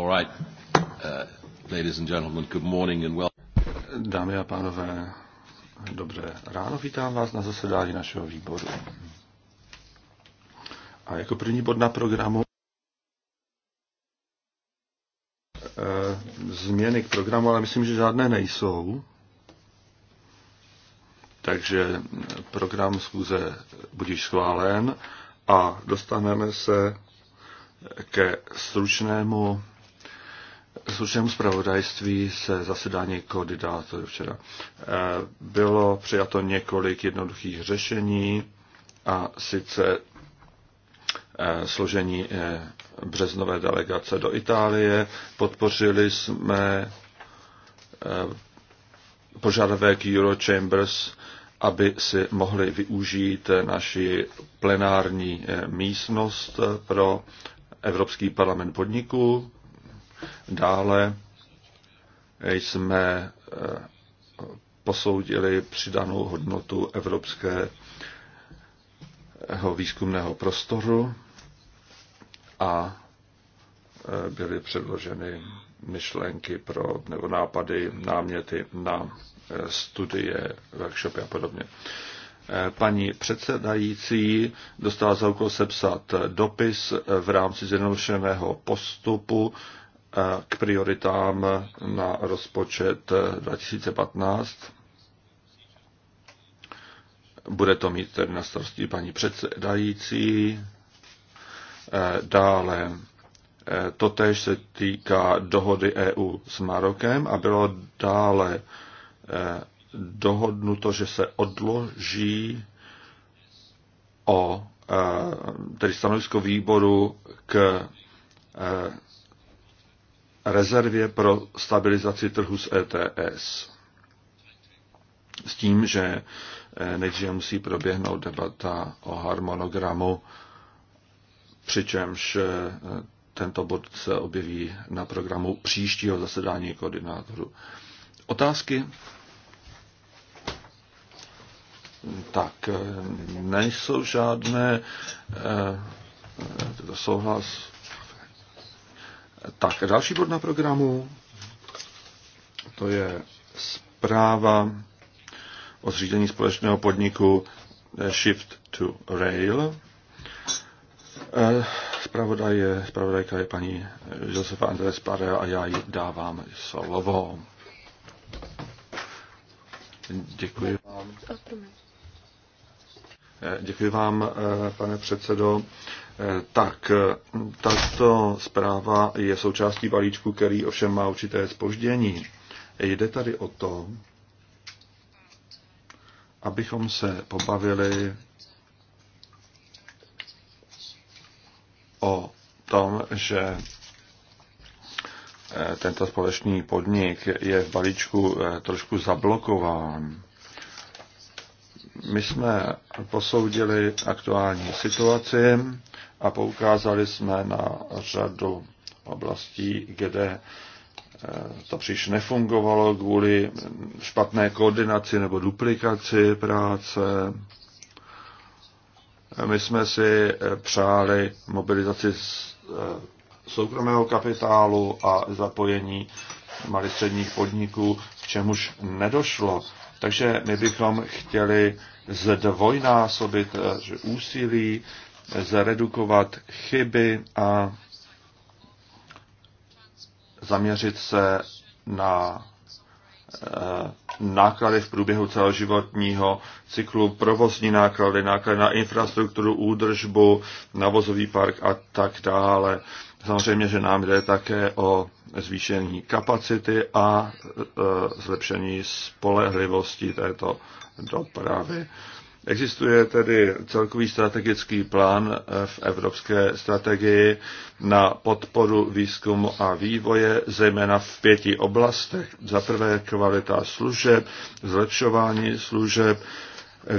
All right. Uh, ladies and gentlemen, good morning and well... Dámy a pánové, dobré ráno, vítám vás na zasedání našeho výboru. A jako první bod na programu eh, změny k programu, ale myslím, že žádné nejsou. Takže program schůze bude schválen a dostaneme se ke stručnému slušnému zpravodajství se zasedání koordinátorů včera. Eh, bylo přijato několik jednoduchých řešení a sice eh, složení eh, březnové delegace do Itálie. Podpořili jsme požadavek Eurochambers, aby si mohli využít naši plenární místnost pro Evropský parlament podniků Dále jsme eh, posoudili přidanou hodnotu evropského výzkumného prostoru a eh, byly předloženy myšlenky pro, nebo nápady, náměty na eh, studie, workshopy a podobně. Paní předsedající dostala za úkol sepsat dopis v rámci zjednodušeného postupu k prioritám na rozpočet 2015. Bude to mít tedy na starosti paní předsedající. E, dále e, totež se týká dohody EU s Marokem a bylo dále e, dohodnuto, že se odloží o tedy stanovisko výboru k rezervě pro stabilizaci trhu s ETS. S tím, že eh, nejdříve musí proběhnout debata o harmonogramu, přičemž eh, tento bod se objeví na programu příštího zasedání koordinátoru. Otázky? Tak, eh, nejsou žádné. souhlas tak, další bod na programu, to je zpráva o zřízení společného podniku eh, Shift to Rail. Spravodaj eh, je, spravodajka je paní Josefa Andres Pare a já jí dávám slovo. Děkuji vám. Děkuji vám, eh, pane předsedo. Eh, tak, eh, tato zpráva je součástí balíčku, který ovšem má určité spoždění. Jde tady o to, abychom se pobavili o tom, že tento společný podnik je v balíčku trošku zablokován. My jsme posoudili aktuální situaci a poukázali jsme na řadu oblastí, kde eh, to příliš nefungovalo kvůli špatné koordinaci nebo duplikaci práce. My jsme si eh, přáli mobilizaci eh, soukromého kapitálu a zapojení malých středních podniků, k čemuž nedošlo. Takže my bychom chtěli zdvojnásobit eh, úsilí, eh, zredukovat chyby a zaměřit se na eh, náklady v průběhu celoživotního cyklu, provozní náklady, náklady na infrastrukturu, údržbu, navozový park a tak dále. Samozřejmě, že nám jde také o zvýšení kapacity a e, zlepšení spolehlivosti této dopravy. Existuje tedy celkový strategický plán e, v evropské strategii na podporu výzkumu a vývoje, zejména v pěti oblastech. Za prvé kvalita služeb, zlepšování služeb,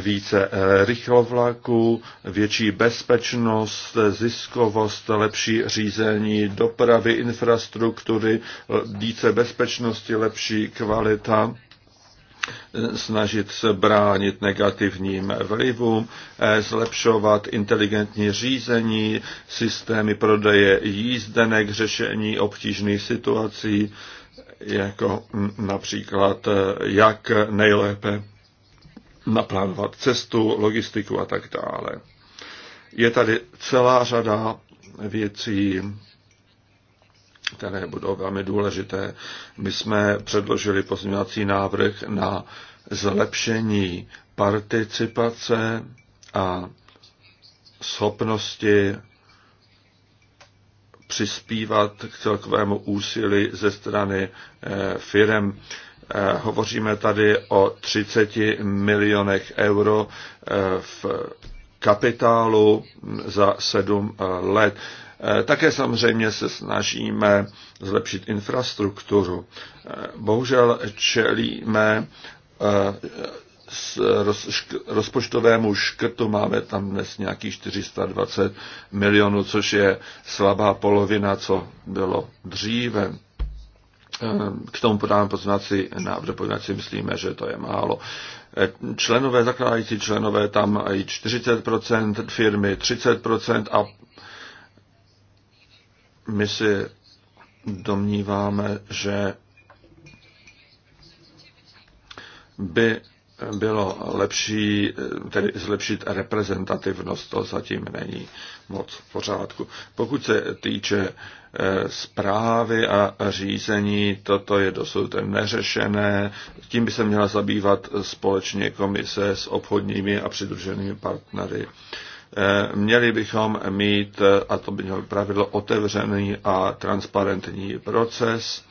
více eh, rychlovlaků, větší bezpečnost, ziskovost, lepší řízení dopravy, infrastruktury, eh, více bezpečnosti, lepší kvalita eh, snažit se bránit negativním vlivům, zlepšovat inteligentní řízení, systémy prodeje jízdenek, řešení obtížných situací, jako například jak nejlépe naplánovat cestu, logistiku a tak dále. Je tady celá řada věcí, které budou velmi důležité. My jsme předložili pozměňovací návrh na zlepšení participace a schopnosti přispívat k celkovému úsilí ze strany eh, firem. Eh, hovoříme tady o 30 milionech euro eh, v kapitálu za sedm eh, let. Také samozřejmě se snažíme zlepšit infrastrukturu. Bohužel čelíme s rozpočtovému škrtu máme tam dnes nějakých 420 milionů, což je slabá polovina, co bylo dříve k tomu podám poznáci návrh, poněvadž si myslíme, že to je málo. E, členové, zakládající členové, tam mají 40%, firmy 30% a my si domníváme, že by bylo lepší, tedy zlepšit reprezentativnost, to zatím není moc v pořádku. Pokud se týče eh, zprávy a řízení, toto je dosud neřešené. Tím by se měla zabývat společně komise s obchodními a přidruženými partnery. Eh, měli bychom mít, a to by mělo pravidlo, otevřený a transparentní proces.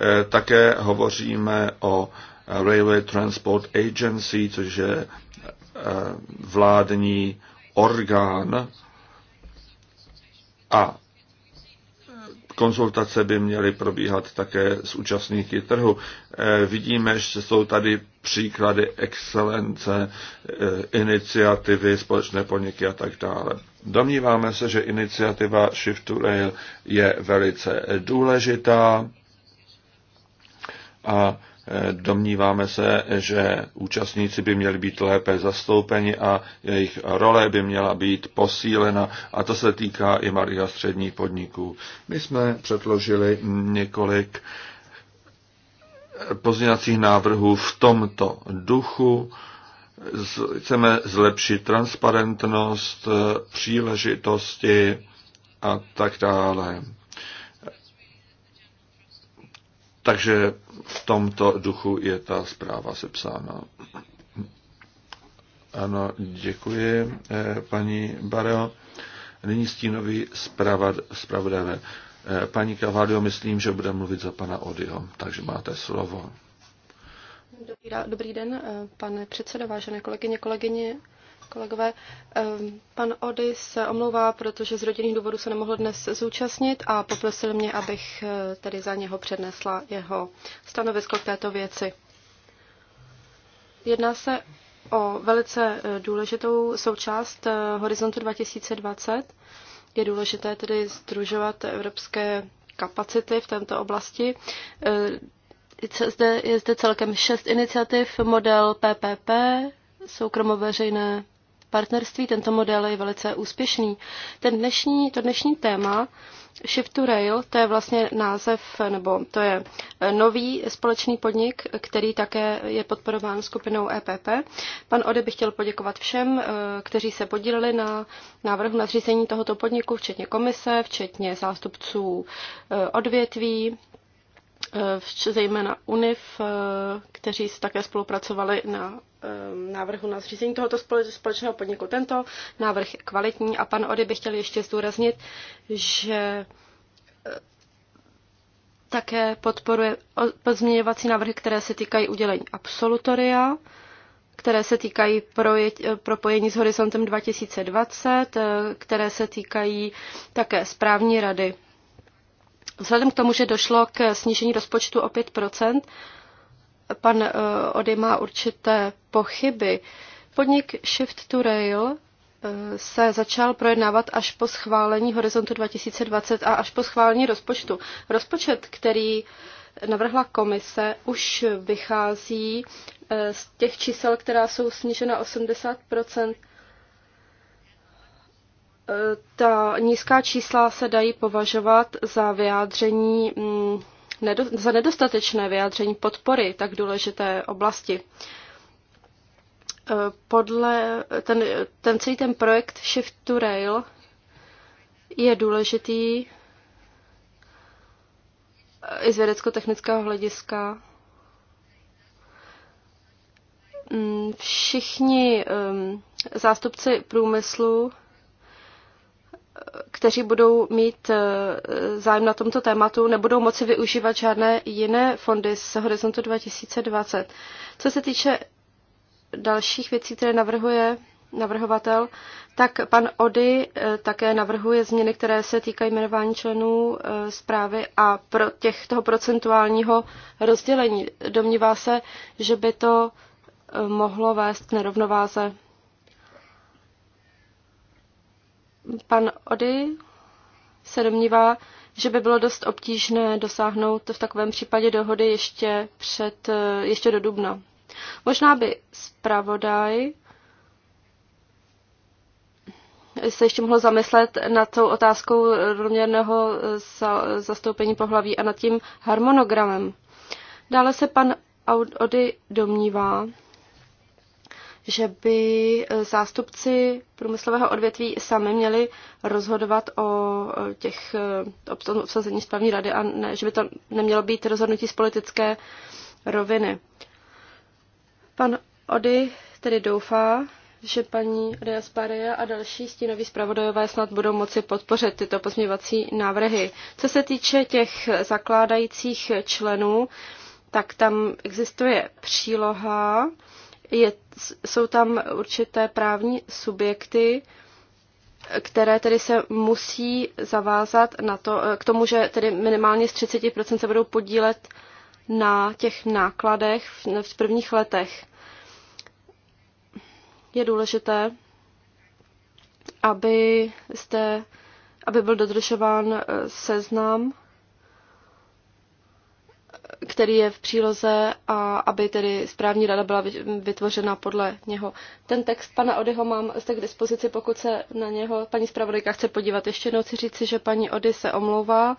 Eh, také hovoříme o Eh, Railway Transport Agency, což je eh, vládní orgán a konzultace by měly probíhat také s účastníky trhu. Eh, vidíme, že jsou tady příklady excelence, iniciativy, společné podniky a tak dále. Domníváme se, že iniciativa Shift to Rail je velice důležitá a Domníváme se, že účastníci by měli být lépe zastoupeni a jejich role by měla být posílena a to se týká i malých a středních podniků. My jsme předložili několik pozměňovacích návrhů v tomto duchu. Chceme zlepšit transparentnost, příležitosti a tak dále. Takže v tomto duchu je ta zpráva sepsána. Ano, děkuji, eh, paní Bareo. Nyní stínový zpravodavé. Eh, paní Kavádio, myslím, že bude mluvit za pana Odio, takže máte slovo. Dobrý, dobrý den, eh, pane předsedo, vážené kolegyně, kolegyně kolegové. Pan Ody se omlouvá, protože z rodinných důvodů se nemohl dnes zúčastnit a poprosil mě, abych eh, tedy za něho přednesla jeho stanovisko k této věci. Jedná se o velice eh, důležitou součást eh, Horizontu 2020. Je důležité tedy združovat evropské kapacity v této oblasti. Zde, je zde celkem šest iniciativ, model PPP, soukromo-veřejné partnerství. Tento model je velice úspěšný. Ten dnešní, to dnešní téma Shift to Rail, to je vlastně název, nebo to je eh, nový společný podnik, který také je podporován skupinou EPP. Pan Ode by chtěl poděkovat všem, eh, kteří se podíleli na návrhu na zřízení tohoto podniku, včetně komise, včetně zástupců eh, odvětví, zejména UNIF, eh, kteří také spolupracovali na eh, návrhu na zřízení tohoto společného podniku. Tento návrh je kvalitní a pan Ody by chtěl ještě zdůraznit, že eh, také podporuje pozměňovací návrhy, které se týkají udělení absolutoria, které se týkají propojení s horizontem 2020, které se týkají také správní rady Vzhledem k tomu, že došlo k snížení rozpočtu o 5 pan uh, Ody má určité pochyby. Podnik Shift to Rail eh, se začal projednávat až po schválení Horizontu 2020 a až po schválení rozpočtu. Rozpočet, který navrhla komise, už vychází eh, z těch čísel, která jsou snížena 80 ta nízká čísla se dají považovat za vyjádření, mm, za nedostatečné vyjádření podpory tak důležité oblasti. Eh, podle ten, ten celý ten projekt Shift to Rail je důležitý eh, i z vědecko-technického hlediska. Mm, všichni ehm, zástupci průmyslu kteří budou mít eh, zájem na tomto tématu, nebudou moci využívat žádné jiné fondy z Horizontu 2020. Co se týče dalších věcí, které navrhuje navrhovatel, tak pan Ody eh, také navrhuje změny, které se týkají jmenování členů eh, zprávy a pro těch toho procentuálního rozdělení. Domnívá se, že by to mohlo vést k nerovnováze Pan Ody se domnívá, že by bylo dost obtížné dosáhnout v takovém případě dohody ještě, před, eh, ještě do dubna. Možná by zpravodaj se ještě mohl zamyslet nad tou otázkou rovněrného eh, zastoupení pohlaví a nad tím harmonogramem. Dále se pan Audi domnívá, že by eh, zástupci průmyslového odvětví sami měli rozhodovat o eh, těch eh, obsazení správní rady a ne, že by to nemělo být rozhodnutí z politické roviny. Pan Ody tedy doufá, že paní Reasparia a další stínoví zpravodajové snad budou moci podpořit tyto pozměňovací návrhy. Co se týče těch zakládajících členů, tak tam existuje příloha, je, jsou tam určité právní subjekty, které tedy se musí zavázat na to, eh, k tomu, že tedy minimálně z 30% se budou podílet na těch nákladech v, v prvních letech. Je důležité, aby, jste, aby byl dodržován eh, seznam který je v příloze a aby tedy správní rada byla vytvořena podle něho. Ten text pana Odyho mám zde k dispozici, pokud se na něho paní zpravodajka chce podívat. Ještě jednou chci říci, že paní Ody se omlouvá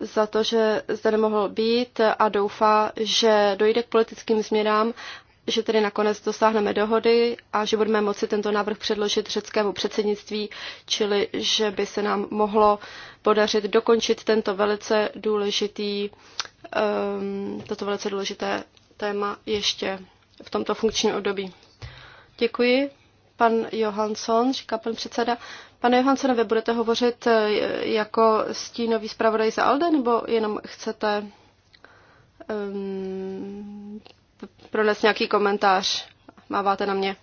za to, že zde nemohl být a doufá, že dojde k politickým změnám že tedy nakonec dosáhneme dohody a že budeme moci tento návrh předložit řeckému předsednictví, čili že by se nám mohlo podařit dokončit tento velice důležitý, um, toto velice důležité téma ještě v tomto funkčním období. Děkuji. Pan Johansson, říká pan předseda. Pane Johansone, vy budete hovořit eh, jako stínový zpravodaj za ALDE, nebo jenom chcete um, prones nějaký komentář. Máváte na mě.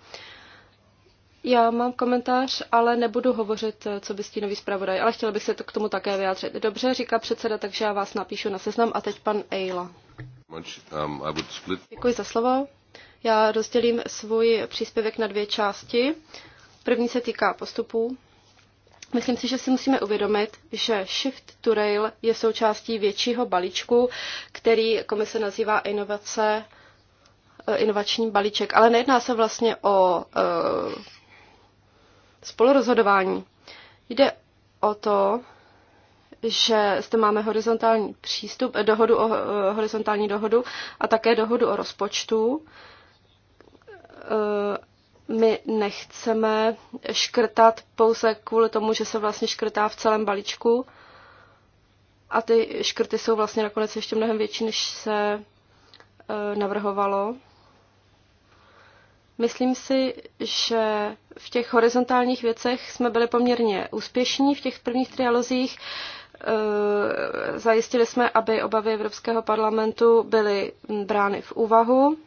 Já mám komentář, ale nebudu hovořit, eh, co by stínový zpravodaj, ale chtěla bych se to k tomu také vyjádřit. Dobře, říká předseda, takže já vás napíšu na seznam a teď pan Eila. Um, Děkuji za slovo. Já rozdělím svůj příspěvek na dvě části. První se týká postupů. Myslím si, že si musíme uvědomit, že Shift to Rail je součástí většího balíčku, který komise nazývá inovace Eh, inovační balíček, ale nejedná se vlastně o eh, spolurozhodování. Jde o to, že zde máme horizontální přístup, eh, dohodu o, horizontální dohodu a také dohodu o rozpočtu. My nechceme škrtat pouze kvůli tomu, že se vlastně škrtá v celém balíčku a ty škrty jsou vlastně nakonec ještě mnohem větší, než se navrhovalo. Myslím si, že v těch horizontálních věcech jsme byli poměrně úspěšní v těch prvních trialozích. Eh, zajistili jsme, aby obavy Evropského parlamentu byly brány v úvahu.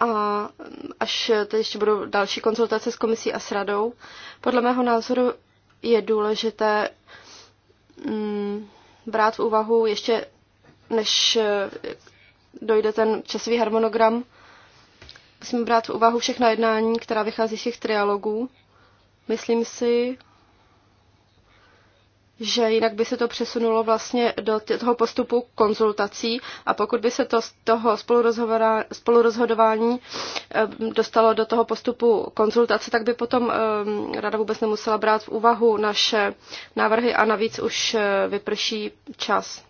A až teď ještě budou další konzultace s komisí a s radou. Podle mého názoru je důležité mm, brát v úvahu ještě, než dojde ten časový harmonogram, musíme brát v úvahu všechna jednání, která vychází z těch trialogů. Myslím si, že jinak by se to přesunulo vlastně do toho postupu konzultací a pokud by se to z toho spolurozhodování eh, dostalo do toho postupu konzultace, tak by potom eh, rada vůbec nemusela brát v úvahu naše návrhy a navíc už eh, vyprší čas.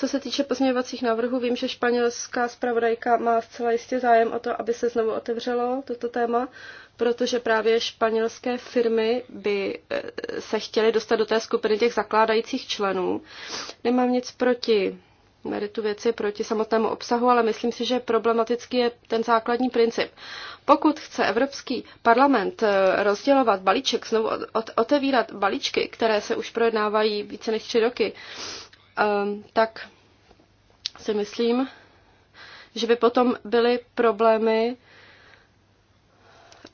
Co se týče pozměňovacích návrhů, vím, že španělská zpravodajka má zcela jistě zájem o to, aby se znovu otevřelo toto téma, protože právě španělské firmy by eh, se chtěly dostat do té skupiny těch zakládajících členů. Nemám nic proti meritu věci proti samotnému obsahu, ale myslím si, že problematický je ten základní princip. Pokud chce Evropský parlament eh, rozdělovat balíček, znovu otevírat balíčky, které se už projednávají více než tři roky, Ehm, tak si myslím, že by potom byly problémy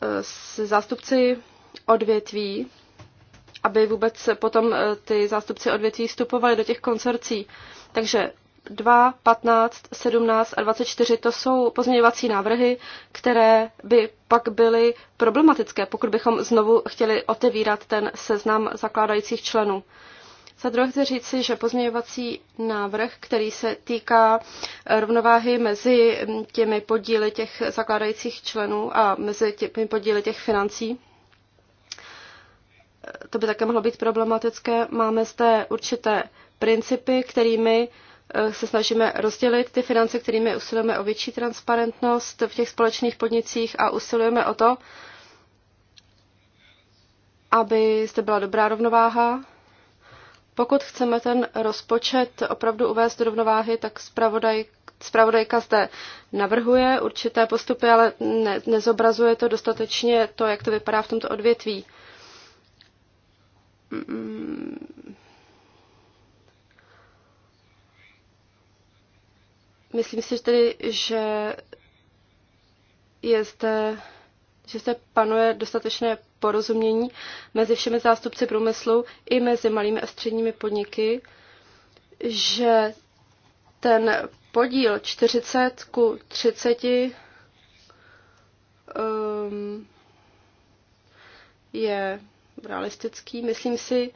eh, s zástupci odvětví, aby vůbec potom eh, ty zástupci odvětví vstupovali do těch koncercí. Takže 2, 15, 17 a 24 to jsou pozměňovací návrhy, které by pak byly problematické, pokud bychom znovu chtěli otevírat ten seznam zakládajících členů. Za druhé chci říci, že pozměňovací návrh, který se týká eh, rovnováhy mezi mm, těmi podíly těch zakládajících členů a mezi těmi podíly těch financí, eh, to by také mohlo být problematické. Máme zde určité principy, kterými eh, se snažíme rozdělit ty finance, kterými usilujeme o větší transparentnost v těch společných podnicích a usilujeme o to, aby zde byla dobrá rovnováha pokud chceme ten rozpočet opravdu uvést do rovnováhy, tak zpravodaj, zpravodajka zde navrhuje určité postupy, ale ne, nezobrazuje to dostatečně to, jak to vypadá v tomto odvětví. Myslím si tedy, že je zde že se panuje dostatečné porozumění mezi všemi zástupci průmyslu i mezi malými a středními podniky, že ten podíl 40 ku 30 um, je realistický. Myslím si,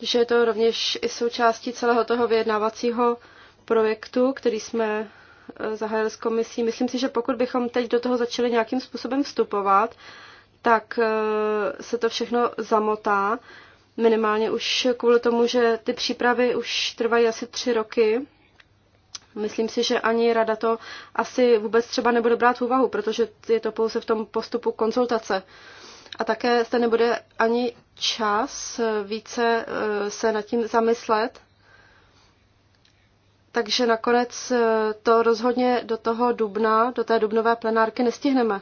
že je to rovněž i součástí celého toho vyjednávacího projektu, který jsme Eh, zahájil s komisí. Myslím si, že pokud bychom teď do toho začali nějakým způsobem vstupovat, tak eh, se to všechno zamotá. Minimálně už kvůli tomu, že ty přípravy už trvají asi tři roky. Myslím si, že ani rada to asi vůbec třeba nebude brát v úvahu, protože je to pouze v tom postupu konzultace. A také zde nebude ani čas eh, více se nad tím zamyslet takže nakonec eh, to rozhodně do toho dubna, do té dubnové plenárky nestihneme.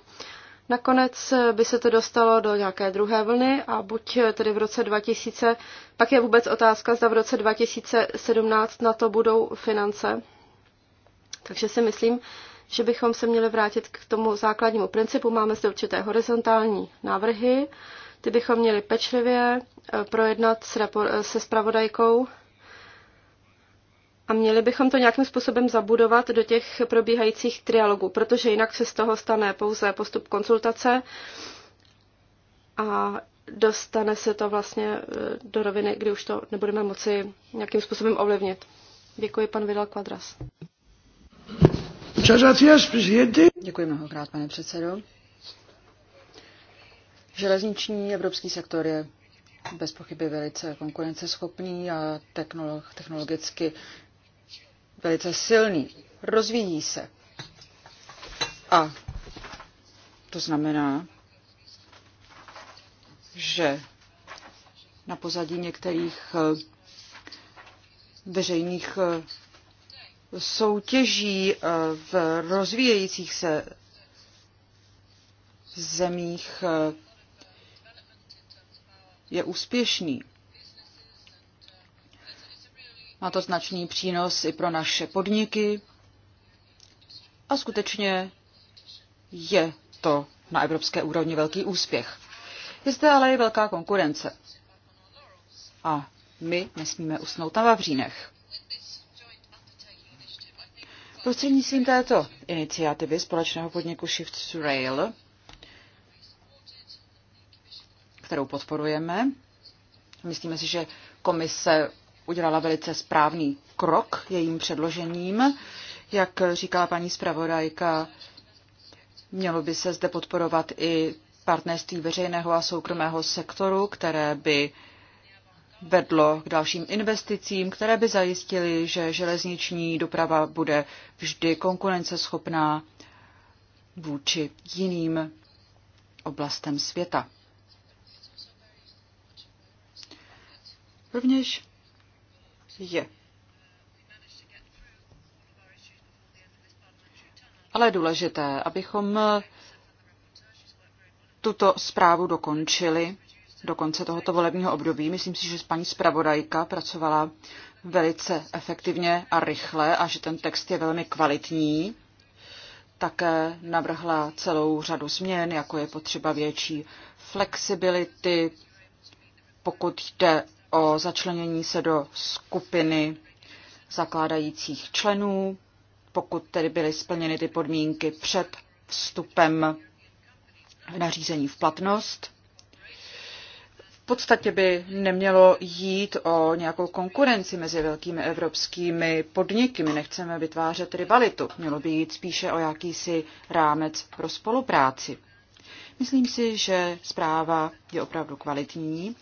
Nakonec eh, by se to dostalo do nějaké druhé vlny a buď eh, tedy v roce 2000, pak je vůbec otázka, zda v roce 2017 na to budou finance. Takže si myslím, že bychom se měli vrátit k tomu základnímu principu. Máme zde určité horizontální návrhy, ty bychom měli pečlivě projednat se spravodajkou a měli bychom to nějakým způsobem zabudovat do těch probíhajících trialogů, protože jinak se z toho stane pouze postup konzultace a dostane se to vlastně e, do roviny, kdy už to nebudeme moci nějakým způsobem ovlivnit. Děkuji, pan Vidal Quadras. Děkuji mnohokrát, pane předsedo. Železniční evropský sektor je bez pochyby velice konkurenceschopný a technologicky velice silný, rozvíjí se. A to znamená, že na pozadí některých eh, veřejných eh, soutěží eh, v rozvíjejících se zemích je úspěšný. Má to značný přínos i pro naše podniky a skutečně je to na evropské úrovni velký úspěch. Je zde ale i velká konkurence. A my nesmíme usnout na vavřínech. Prostřednictvím této iniciativy společného podniku Shift to Rail, kterou podporujeme, myslíme si, že komise udělala velice správný krok jejím předložením. Jak říkala paní zpravodajka, mělo by se zde podporovat i partnerství veřejného a soukromého sektoru, které by vedlo k dalším investicím, které by zajistily, že železniční doprava bude vždy konkurenceschopná vůči jiným oblastem světa. Rovněž je. Ale je důležité, abychom tuto zprávu dokončili do konce tohoto volebního období. Myslím si, že paní zpravodajka pracovala velice efektivně a rychle a že ten text je velmi kvalitní. Také navrhla celou řadu změn, jako je potřeba větší flexibility, pokud jde o začlenění se do skupiny zakládajících členů, pokud tedy byly splněny ty podmínky před vstupem nařízení v platnost. V podstatě by nemělo jít o nějakou konkurenci mezi velkými evropskými podniky. My nechceme vytvářet rivalitu. Mělo by jít spíše o jakýsi rámec pro spolupráci. Myslím si, že zpráva je opravdu kvalitní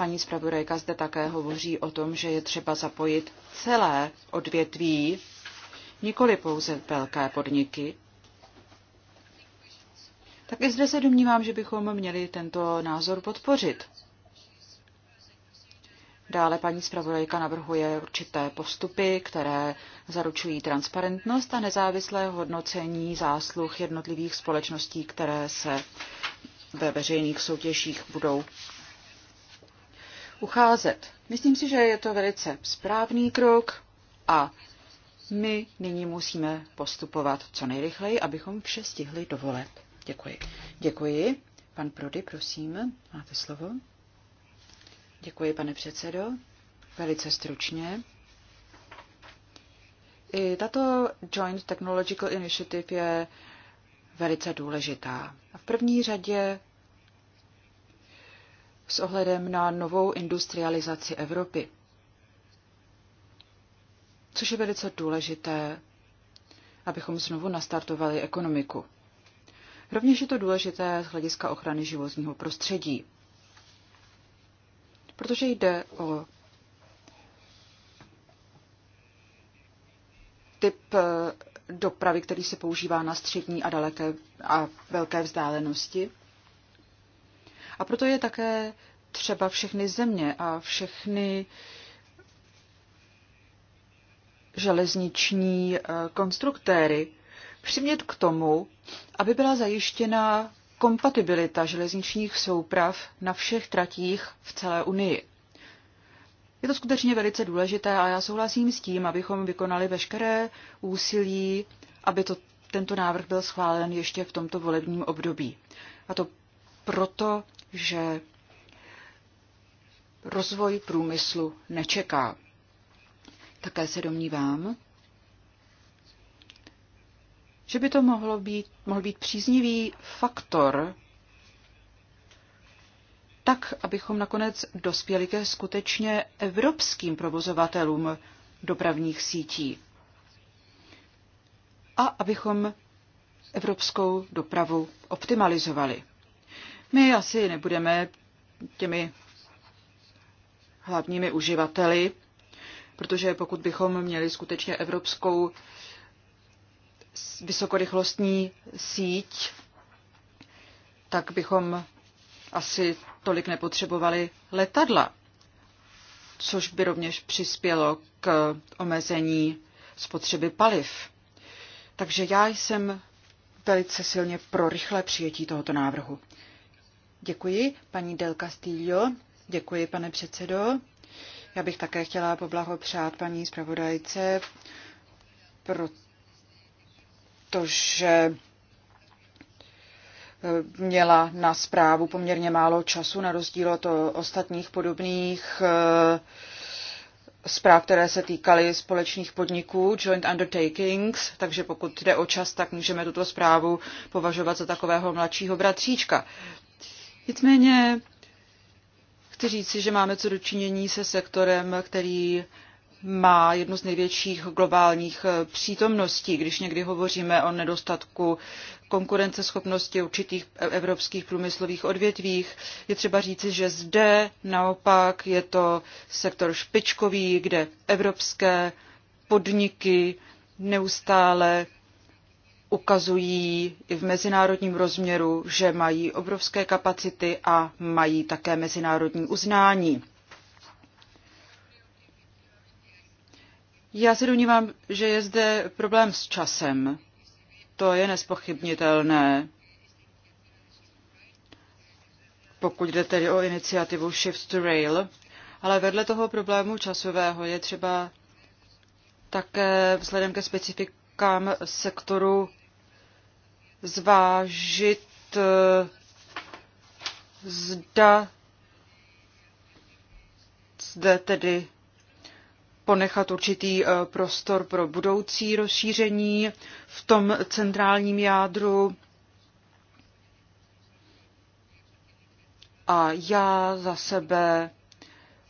Paní zpravodajka zde také hovoří o tom, že je třeba zapojit celé odvětví, nikoli pouze velké podniky. Tak i zde se domnívám, že bychom měli tento názor podpořit. Dále paní zpravodajka navrhuje určité postupy, které zaručují transparentnost a nezávislé hodnocení zásluh jednotlivých společností, které se ve veřejných soutěžích budou ucházet. Myslím si, že je to velice správný krok a my nyní musíme postupovat co nejrychleji, abychom vše stihli do voleb. Děkuji. Děkuji. Pan Prody, prosím, máte slovo. Děkuji, pane předsedo. Velice stručně. I tato Joint Technological Initiative je velice důležitá. V první řadě s ohledem na novou industrializaci Evropy. Což je velice důležité, abychom znovu nastartovali ekonomiku. Rovněž je to důležité z hlediska ochrany životního prostředí, protože jde o typ eh, dopravy, který se používá na střední a daleké a velké vzdálenosti. A proto je také třeba všechny země a všechny železniční eh, konstruktéry přimět k tomu, aby byla zajištěna kompatibilita železničních souprav na všech tratích v celé Unii. Je to skutečně velice důležité a já souhlasím s tím, abychom vykonali veškeré úsilí, aby to, tento návrh byl schválen ještě v tomto volebním období. A to proto, že rozvoj průmyslu nečeká. Také se domnívám, že by to mohlo být, mohl být příznivý faktor, tak, abychom nakonec dospěli ke skutečně evropským provozovatelům dopravních sítí a abychom evropskou dopravu optimalizovali. My asi nebudeme těmi hlavními uživateli, protože pokud bychom měli skutečně evropskou vysokorychlostní síť, tak bychom asi tolik nepotřebovali letadla, což by rovněž přispělo k omezení spotřeby paliv. Takže já jsem velice silně pro rychlé přijetí tohoto návrhu. Děkuji, paní Del Castillo. Děkuji, pane předsedo. Já bych také chtěla poblahopřát paní zpravodajce, protože eh, měla na zprávu poměrně málo času, na rozdíl od ostatních podobných eh, zpráv, které se týkaly společných podniků, joint undertakings, takže pokud jde o čas, tak můžeme tuto zprávu považovat za takového mladšího bratříčka. Nicméně chci říci, že máme co dočinění se sektorem, který má jednu z největších globálních eh, přítomností, když někdy hovoříme o nedostatku konkurenceschopnosti určitých e- evropských průmyslových odvětvích. Je třeba říci, že zde naopak je to sektor špičkový, kde evropské podniky neustále ukazují i v mezinárodním rozměru, že mají obrovské kapacity a mají také mezinárodní uznání. Já se domnívám, že je zde problém s časem. To je nespochybnitelné. Pokud jde tedy o iniciativu Shift to Rail, ale vedle toho problému časového je třeba také vzhledem ke specifikám sektoru zvážit, eh, zda zde tedy ponechat určitý eh, prostor pro budoucí rozšíření v tom centrálním jádru. A já za sebe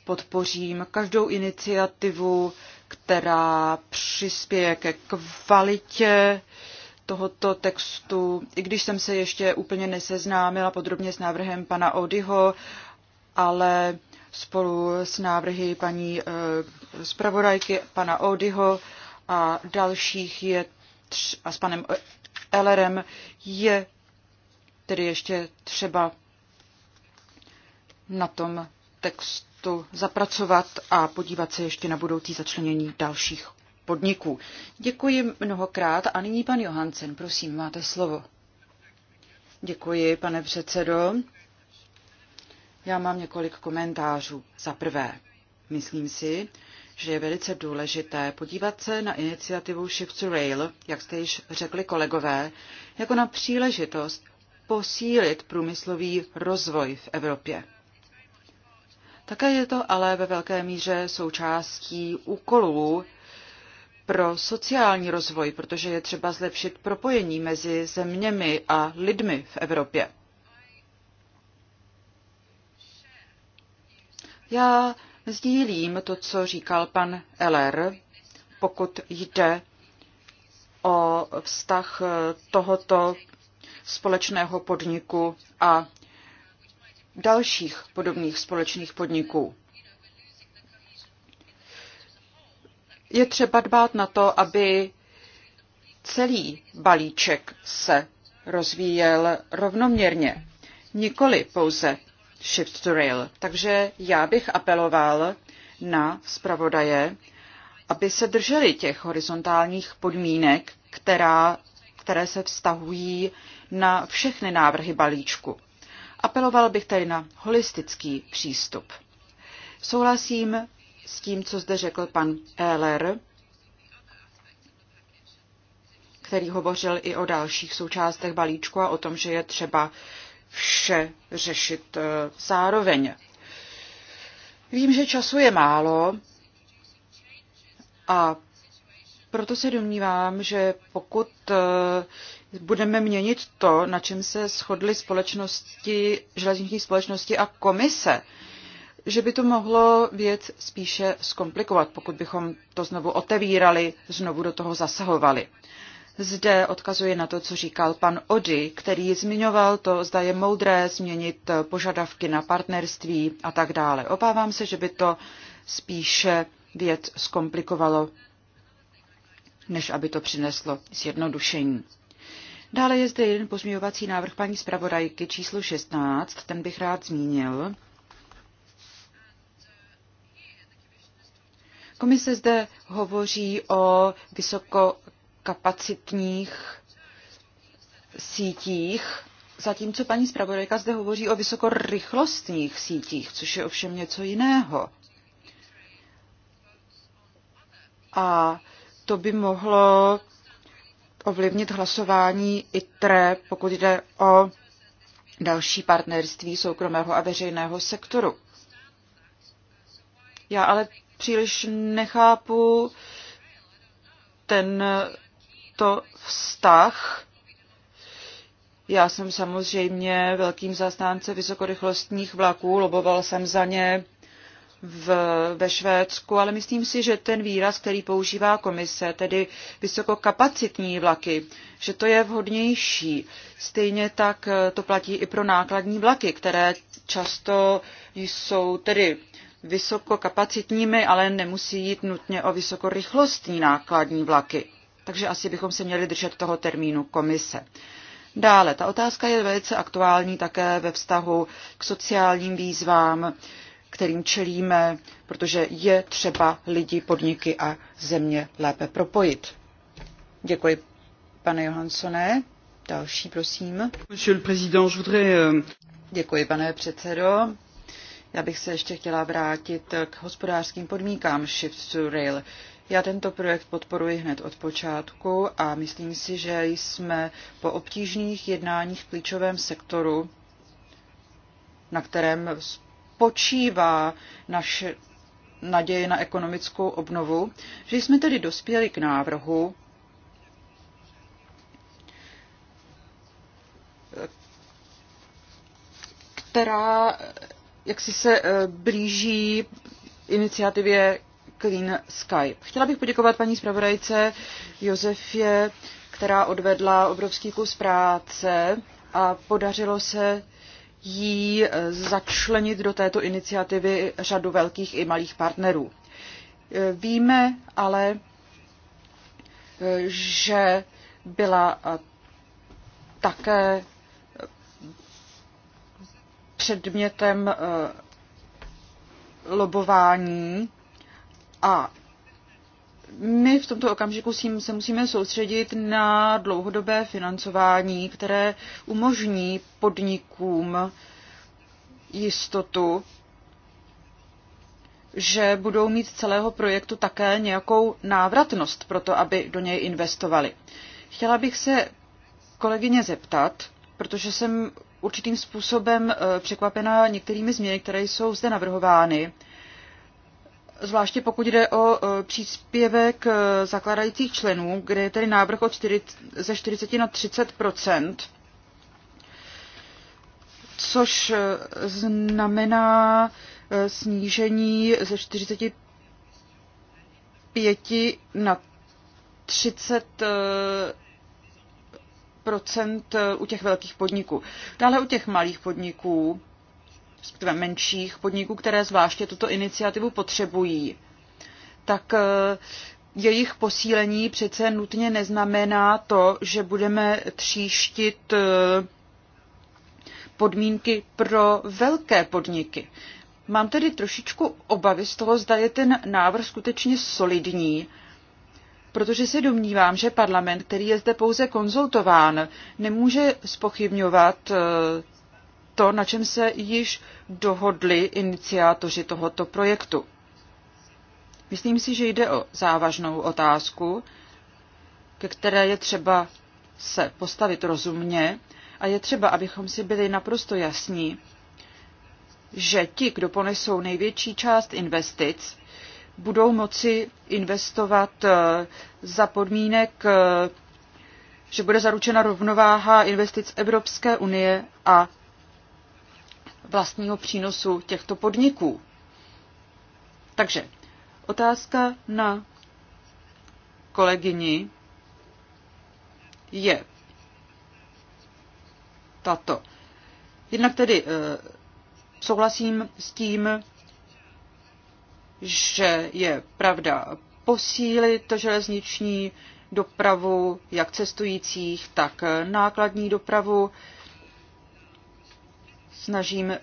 podpořím každou iniciativu, která přispěje ke kvalitě tohoto textu, i když jsem se ještě úplně neseznámila podrobně s návrhem pana Odyho, ale spolu s návrhy paní eh, zpravodajky, pana Odyho a dalších je tř, a s panem eh, Ellerem je tedy ještě třeba na tom textu zapracovat a podívat se ještě na budoucí začlenění dalších podniků. Děkuji mnohokrát a nyní pan Johansen, prosím, máte slovo. Děkuji, pane předsedo. Já mám několik komentářů. Za prvé, myslím si, že je velice důležité podívat se na iniciativu Shift to Rail, jak jste již řekli kolegové, jako na příležitost posílit průmyslový rozvoj v Evropě. Také je to ale ve velké míře součástí úkolů, pro sociální rozvoj, protože je třeba zlepšit propojení mezi zeměmi a lidmi v Evropě. Já sdílím to, co říkal pan Eller, pokud jde o vztah tohoto společného podniku a dalších podobných společných podniků. je třeba dbát na to, aby celý balíček se rozvíjel rovnoměrně, nikoli pouze shift to rail. Takže já bych apeloval na zpravodaje, aby se drželi těch horizontálních podmínek, která, které se vztahují na všechny návrhy balíčku. Apeloval bych tedy na holistický přístup. Souhlasím s tím, co zde řekl pan Ehler, který hovořil i o dalších součástech balíčku a o tom, že je třeba vše řešit eh, zároveň. Vím, že času je málo a proto se domnívám, že pokud eh, budeme měnit to, na čem se shodly společnosti, železniční společnosti a komise, že by to mohlo věc spíše zkomplikovat, pokud bychom to znovu otevírali, znovu do toho zasahovali. Zde odkazuje na to, co říkal pan Odi, který zmiňoval to, zda je moudré změnit požadavky na partnerství a tak dále. Obávám se, že by to spíše věc zkomplikovalo, než aby to přineslo zjednodušení. Dále je zde jeden pozměňovací návrh paní zpravodajky číslo 16, ten bych rád zmínil. Komise zde hovoří o vysokokapacitních sítích, zatímco paní zpravodajka zde hovoří o vysokorychlostních sítích, což je ovšem něco jiného. A to by mohlo ovlivnit hlasování ITRE, pokud jde o další partnerství soukromého a veřejného sektoru. Já ale příliš nechápu ten to vztah. Já jsem samozřejmě velkým zastánce vysokorychlostních vlaků, loboval jsem za ně v, ve Švédsku, ale myslím si, že ten výraz, který používá komise, tedy vysokokapacitní vlaky, že to je vhodnější. Stejně tak to platí i pro nákladní vlaky, které často jsou tedy vysokokapacitními, ale nemusí jít nutně o vysokorychlostní nákladní vlaky. Takže asi bychom se měli držet toho termínu komise. Dále, ta otázka je velice aktuální také ve vztahu k sociálním výzvám, kterým čelíme, protože je třeba lidi, podniky a země lépe propojit. Děkuji, pane Johansone. Další, prosím. Euh, Děkuji, pane předsedo. Já bych se ještě chtěla vrátit k hospodářským podmínkám Shift to Rail. Já tento projekt podporuji hned od počátku a myslím si, že jsme po obtížných jednáních v klíčovém sektoru, na kterém spočívá naše naděje na ekonomickou obnovu, že jsme tedy dospěli k návrhu, která jak si se eh, blíží iniciativě Clean Sky. Chtěla bych poděkovat paní zpravodajce Josefě, která odvedla obrovský kus práce a podařilo se jí eh, začlenit do této iniciativy řadu velkých i malých partnerů. Eh, víme ale, že byla také předmětem eh, lobování a my v tomto okamžiku se musíme soustředit na dlouhodobé financování, které umožní podnikům jistotu, že budou mít celého projektu také nějakou návratnost pro to, aby do něj investovali. Chtěla bych se kolegyně zeptat, protože jsem určitým způsobem eh, překvapena některými změny, které jsou zde navrhovány, zvláště pokud jde o eh, příspěvek eh, zakladajících členů, kde je tedy návrh o 40, ze 40 na 30 což znamená snížení ze 45 na 30 Eh, u těch velkých podniků. Dále u těch malých podniků, respektive menších podniků, které zvláště tuto iniciativu potřebují, tak eh, jejich posílení přece nutně neznamená to, že budeme tříštit eh, podmínky pro velké podniky. Mám tedy trošičku obavy z toho, zda je ten návrh skutečně solidní protože se domnívám, že parlament, který je zde pouze konzultován, nemůže spochybňovat eh, to, na čem se již dohodli iniciátoři tohoto projektu. Myslím si, že jde o závažnou otázku, ke které je třeba se postavit rozumně a je třeba, abychom si byli naprosto jasní, že ti, kdo ponesou největší část investic, budou moci investovat eh, za podmínek, eh, že bude zaručena rovnováha investic Evropské unie a vlastního přínosu těchto podniků. Takže otázka na kolegyni je tato. Jednak tedy eh, souhlasím s tím, že je pravda posílit železniční dopravu, jak cestujících, tak nákladní dopravu. Snažím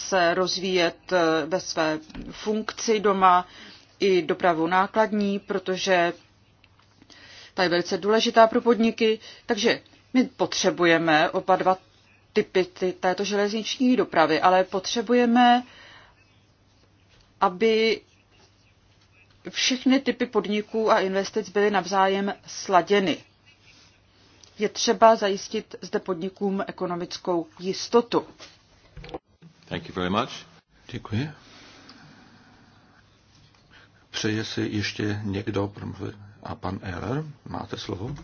se rozvíjet ve své funkci doma i dopravu nákladní, protože ta je velice důležitá pro podniky. Takže my potřebujeme oba dva typy této železniční dopravy, ale potřebujeme, aby všechny typy podniků a investic byly navzájem sladěny. Je třeba zajistit zde podnikům ekonomickou jistotu. Thank you very much. Děkuji. Přeje si ještě někdo promluvit? A pan Eller, máte slovo?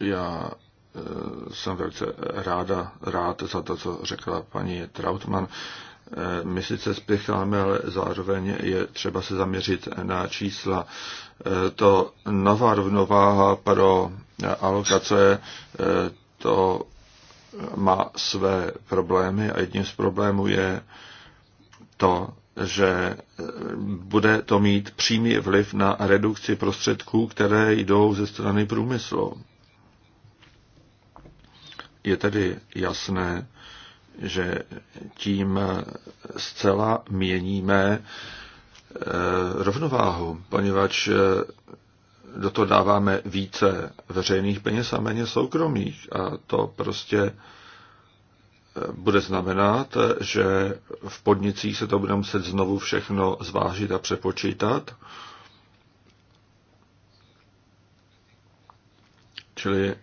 Já Eh, jsem velice ráda, rád za to, co řekla paní Trautmann. Eh, my sice spěcháme, ale zároveň je třeba se zaměřit na čísla. Eh, to nová rovnováha pro alokace, to má své problémy a jedním z problémů je to, že bude to mít přímý vliv na redukci prostředků, které jdou ze strany průmyslu. Je tedy jasné, že tím zcela měníme eh, rovnováhu, poněvadž eh, do toho dáváme více veřejných peněz a méně soukromých. A to prostě eh, bude znamenat, že v podnicích se to bude muset znovu všechno zvážit a přepočítat. Čili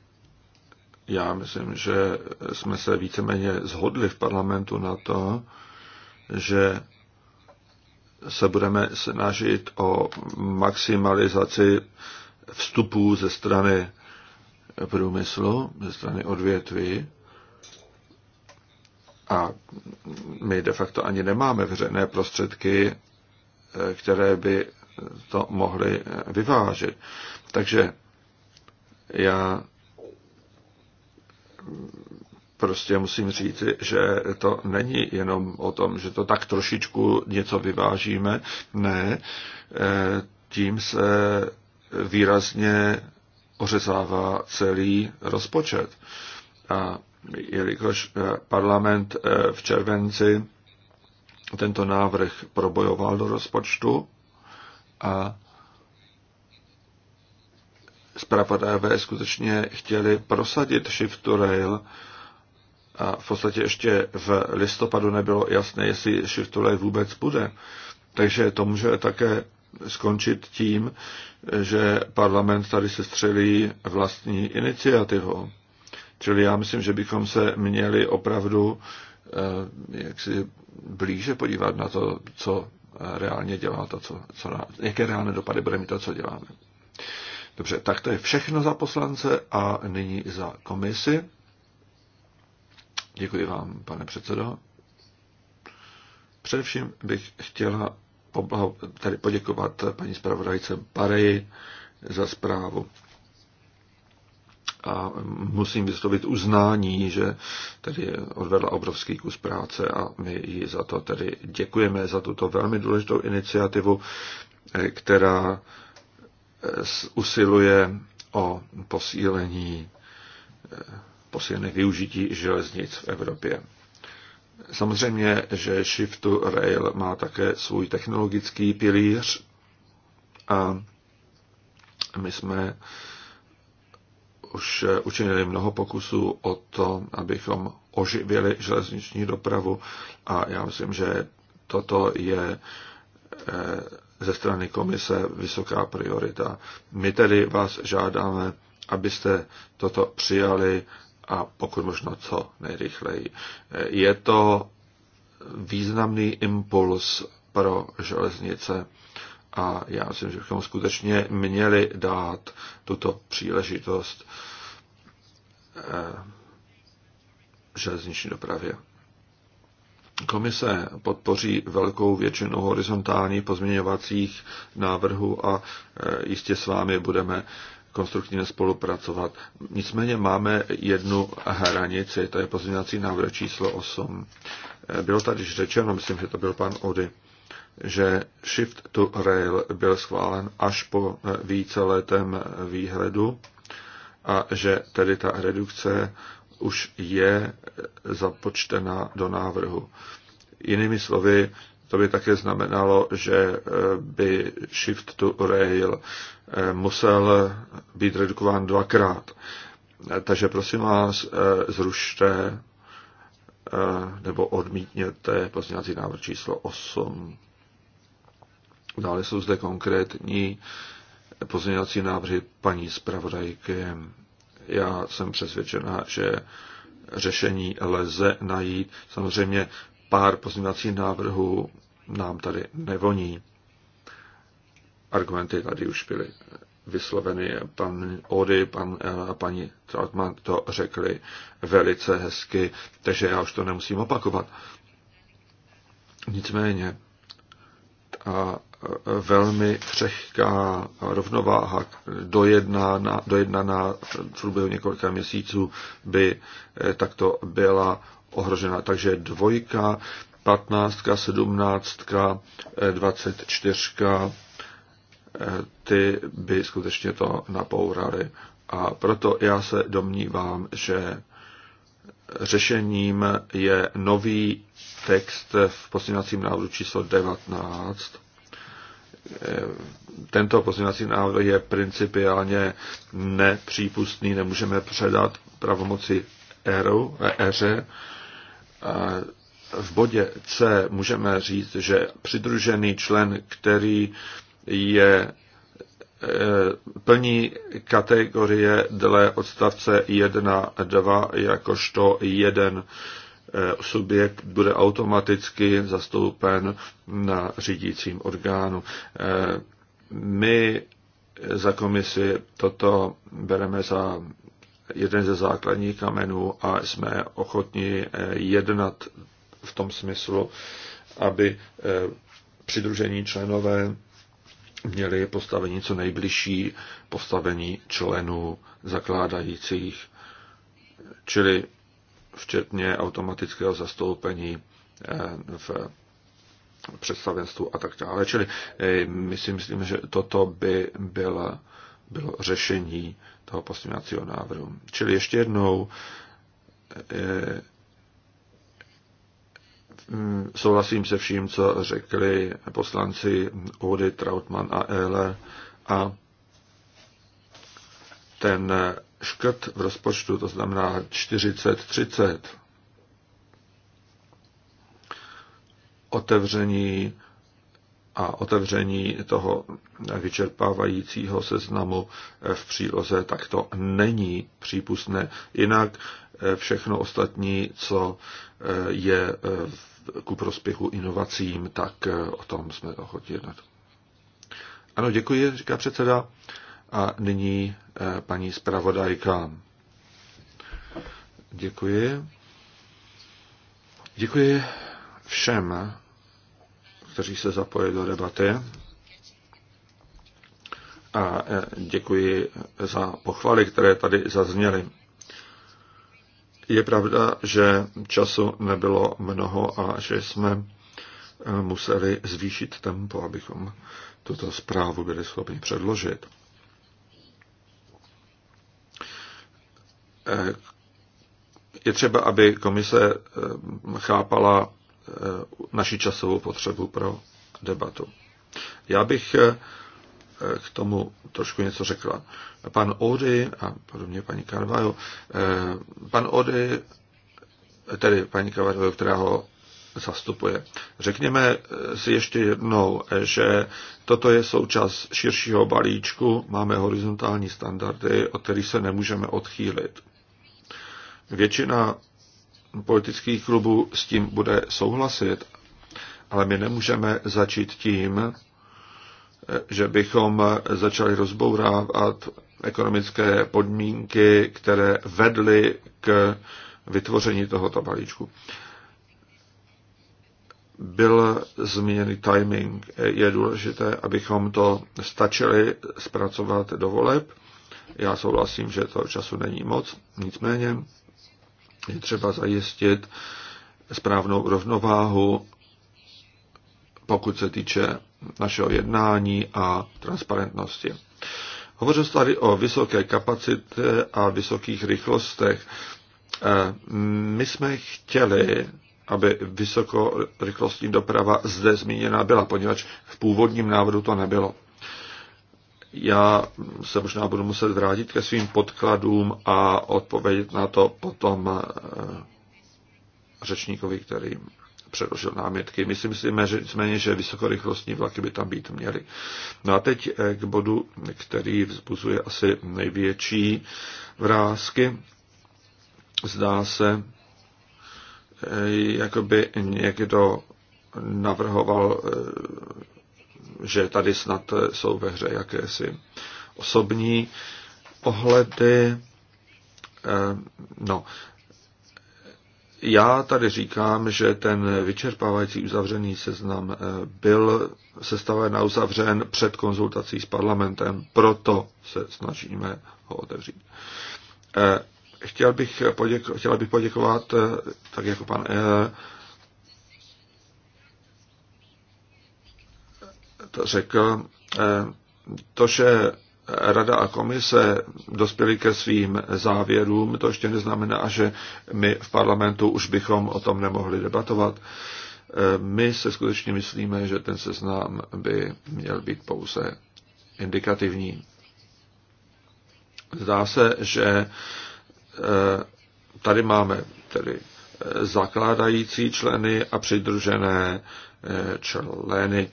já myslím, že jsme se víceméně zhodli v parlamentu na to, že se budeme snažit o maximalizaci vstupů ze strany průmyslu, ze strany odvětví. A my de facto ani nemáme veřejné prostředky, které by to mohly vyvážet. Takže já prostě musím říct, že to není jenom o tom, že to tak trošičku něco vyvážíme. Ne, e, tím se výrazně ořezává celý rozpočet. A jelikož e, parlament e, v červenci tento návrh probojoval do rozpočtu a zpravodajové skutečně chtěli prosadit Shift to Rail a v podstatě ještě v listopadu nebylo jasné, jestli Shift to Rail vůbec bude. Takže to může také skončit tím, že parlament tady se střelí vlastní iniciativou. Čili já myslím, že bychom se měli opravdu eh, jak si blíže podívat na to, co reálně dělá, to, co, co, jaké reálné dopady bude mít to, co děláme. Dobře, tak to je všechno za poslance a nyní za komisi. Děkuji vám, pane předsedo. Především bych chtěla tady poděkovat paní zpravodajce Bareji za zprávu. A musím vyslovit uznání, že tady odvedla obrovský kus práce a my ji za to tedy děkujeme, za tuto velmi důležitou iniciativu, eh, která usiluje o posílení, eh, posílené využití železnic v Evropě. Samozřejmě, že Shift to Rail má také svůj technologický pilíř a my jsme už eh, učinili mnoho pokusů o to, abychom oživili železniční dopravu a já myslím, že toto je eh, ze strany komise vysoká priorita. My tedy vás žádáme, abyste toto přijali a pokud možno co nejrychleji. Je to významný impuls pro železnice a já myslím, že bychom skutečně měli dát tuto příležitost eh, železniční dopravě. Komise podpoří velkou většinu horizontálních pozměňovacích návrhů a e, jistě s vámi budeme konstruktivně spolupracovat. Nicméně máme jednu hranici, to je pozměňovací návrh číslo 8. E, bylo tady řečeno, myslím, že to byl pan Ody, že Shift to Rail byl schválen až po e, víceletém výhledu a že tedy ta redukce už je e, započtena do návrhu. Jinými slovy, to by také znamenalo, že e, by shift to rail e, musel být redukován dvakrát. Takže prosím vás, zrušte nebo odmítněte pozměňovací návrh číslo 8. Dále jsou zde konkrétní pozměňovací návrhy paní zpravodajky já jsem přesvědčená, že řešení lze najít. Samozřejmě pár pozměňovacích návrhů nám tady nevoní. Argumenty tady už byly vysloveny. Pan Ody pan, a eh, paní Trautmann to řekli velice hezky, takže já už to nemusím opakovat. Nicméně, a velmi křehká rovnováha dojednaná, dojednaná v průběhu několika měsíců by eh, takto byla ohrožena. Takže dvojka, patnáctka, sedmnáctka, eh, dvacet čtyřka, eh, ty by skutečně to napouraly. A proto já se domnívám, že řešením je nový text v posledním návrhu číslo 19, Eh, tento pozměňovací návrh je principiálně nepřípustný, nemůžeme předat pravomoci éru, éře. V bodě C můžeme říct, že přidružený člen, který je eh, plní kategorie dle odstavce 1 2 jakožto jeden E, subjekt bude automaticky zastoupen na řídícím orgánu. E, my za komisi toto bereme za jeden ze základních kamenů a jsme ochotni e, jednat v tom smyslu, aby přidružení členové měli postavení co nejbližší postavení členů zakládajících. Čili včetně automatického zastoupení eh, v představenstvu a tak dále. Čili eh, my si myslím, že toto by bylo, bylo řešení toho posměvacího návrhu. Čili ještě jednou eh, mm, souhlasím se vším, co řekli poslanci Ody, Trautmann a Ehler a ten škrt v rozpočtu, to znamená 40-30, otevření a otevření toho vyčerpávajícího seznamu v příloze, tak to není přípustné. Jinak eh, všechno ostatní, co eh, je eh, ku prospěchu inovacím, tak o tom jsme ochotni jednat. Ano, děkuji, říká předseda. A nyní eh, paní zpravodajka. Děkuji. Děkuji všem, kteří se zapojili do debaty. A eh, děkuji za pochvaly, které tady zazněly. Je pravda, že času nebylo mnoho a že jsme eh, museli zvýšit tempo, abychom tuto zprávu byli schopni předložit. Eh, je třeba, aby komise eh, chápala eh, naši časovou potřebu pro debatu. Já bych k tomu trošku něco řekla. Pan Ody, a podobně paní Karvajo, pan Ody tedy paní Karvajo, která ho zastupuje. Řekněme si ještě jednou, že toto je součást širšího balíčku, máme horizontální standardy, od kterých se nemůžeme odchýlit. Většina politických klubů s tím bude souhlasit, ale my nemůžeme začít tím, že bychom začali rozbourávat ekonomické podmínky, které vedly k vytvoření tohoto balíčku. Byl zmíněný timing. Je důležité, abychom to stačili zpracovat do voleb. Já souhlasím, že toho času není moc, nicméně je třeba zajistit správnou rovnováhu, pokud se týče našeho jednání a transparentnosti. Hovořil tady o vysoké kapacitě a vysokých rychlostech. E, my jsme chtěli, aby vysokorychlostní doprava zde zmíněná byla, poněvadž v původním návrhu to nebylo. Já se možná budu muset vrátit ke svým podkladům a odpovědět na to potom eh, řečníkovi, který předložil námětky. My si myslíme, že nicméně, že vysokorychlostní vlaky by tam být měly. No a teď eh, k bodu, který vzbuzuje asi největší vrázky. Zdá se, eh, jakoby někdo navrhoval že tady snad jsou ve hře jakési osobní ohledy. Eh, no, já tady říkám, že ten vyčerpávající uzavřený seznam eh, byl sestaven a uzavřen před konzultací s parlamentem, proto se snažíme ho otevřít. Eh, chtěl bych poděko- chtěl bych poděkovat, tak jako pan řekl, eh, to, že Rada a komise dospěly ke svým závěrům, to ještě neznamená, že my v parlamentu už bychom o tom nemohli debatovat. Eh, my se skutečně myslíme, že ten seznám by měl být pouze indikativní. Zdá se, že eh, tady máme tedy zakládající členy a přidružené členy.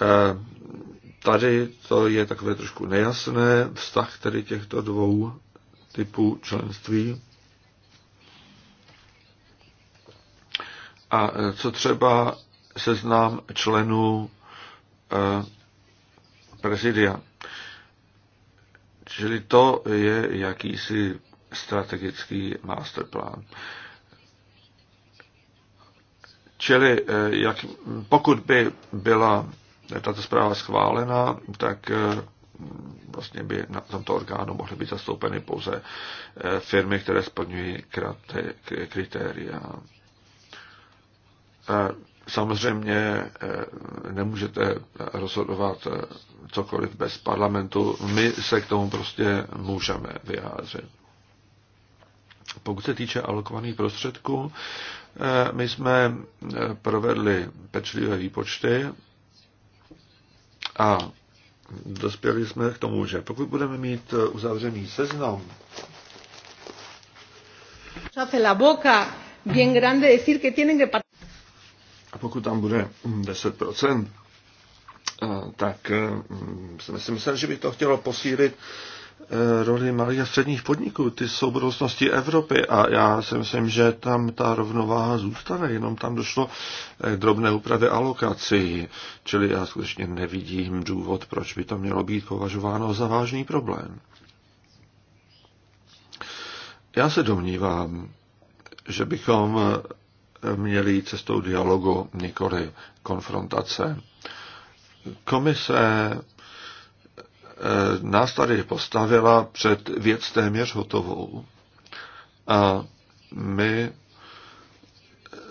E, tady to je takové trošku nejasné, vztah tedy těchto dvou typů členství. A e, co třeba seznám členů e, prezidia. Čili to je jakýsi strategický masterplan. Čili jak, pokud by byla tato zpráva schválena, tak eh, vlastně by na tomto orgánu mohly být zastoupeny pouze eh, firmy, které splňují kritéria. Eh, samozřejmě nemůžete rozhodovat cokoliv bez parlamentu. My se k tomu prostě můžeme vyjádřit. Pokud se týče alokovaných prostředků, my jsme provedli pečlivé výpočty a dospěli jsme k tomu, že pokud budeme mít eh, uzavřený seznam, a pokud tam bude 10%, mm, eh, tak eh, mm, jsem si myslel, že by to chtělo posílit Eh, roli malých a středních podniků. Ty jsou budoucnosti Evropy a já si myslím, že tam ta rovnováha zůstane, jenom tam došlo eh, k drobné úpravy alokací, čili já skutečně nevidím důvod, proč by to mělo být považováno za vážný problém. Já se domnívám, že bychom eh, měli cestou dialogu, nikoli konfrontace. Komise Eh, nás tady postavila před věc téměř hotovou. A my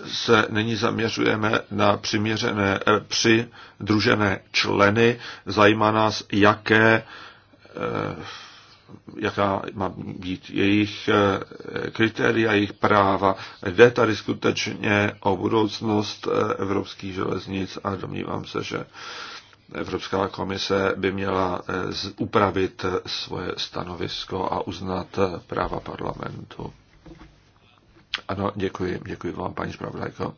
se nyní zaměřujeme na přiměřené, eh, při družené členy. Zajímá nás, jaké, eh, jaká má být jejich kritéria, jejich práva. Jde tady skutečně o budoucnost evropských železnic a domnívám se, že Evropská komise by měla eh, upravit eh, svoje stanovisko a uznat eh, práva parlamentu. Ano, děkuji, děkuji vám, paní zpravodajko.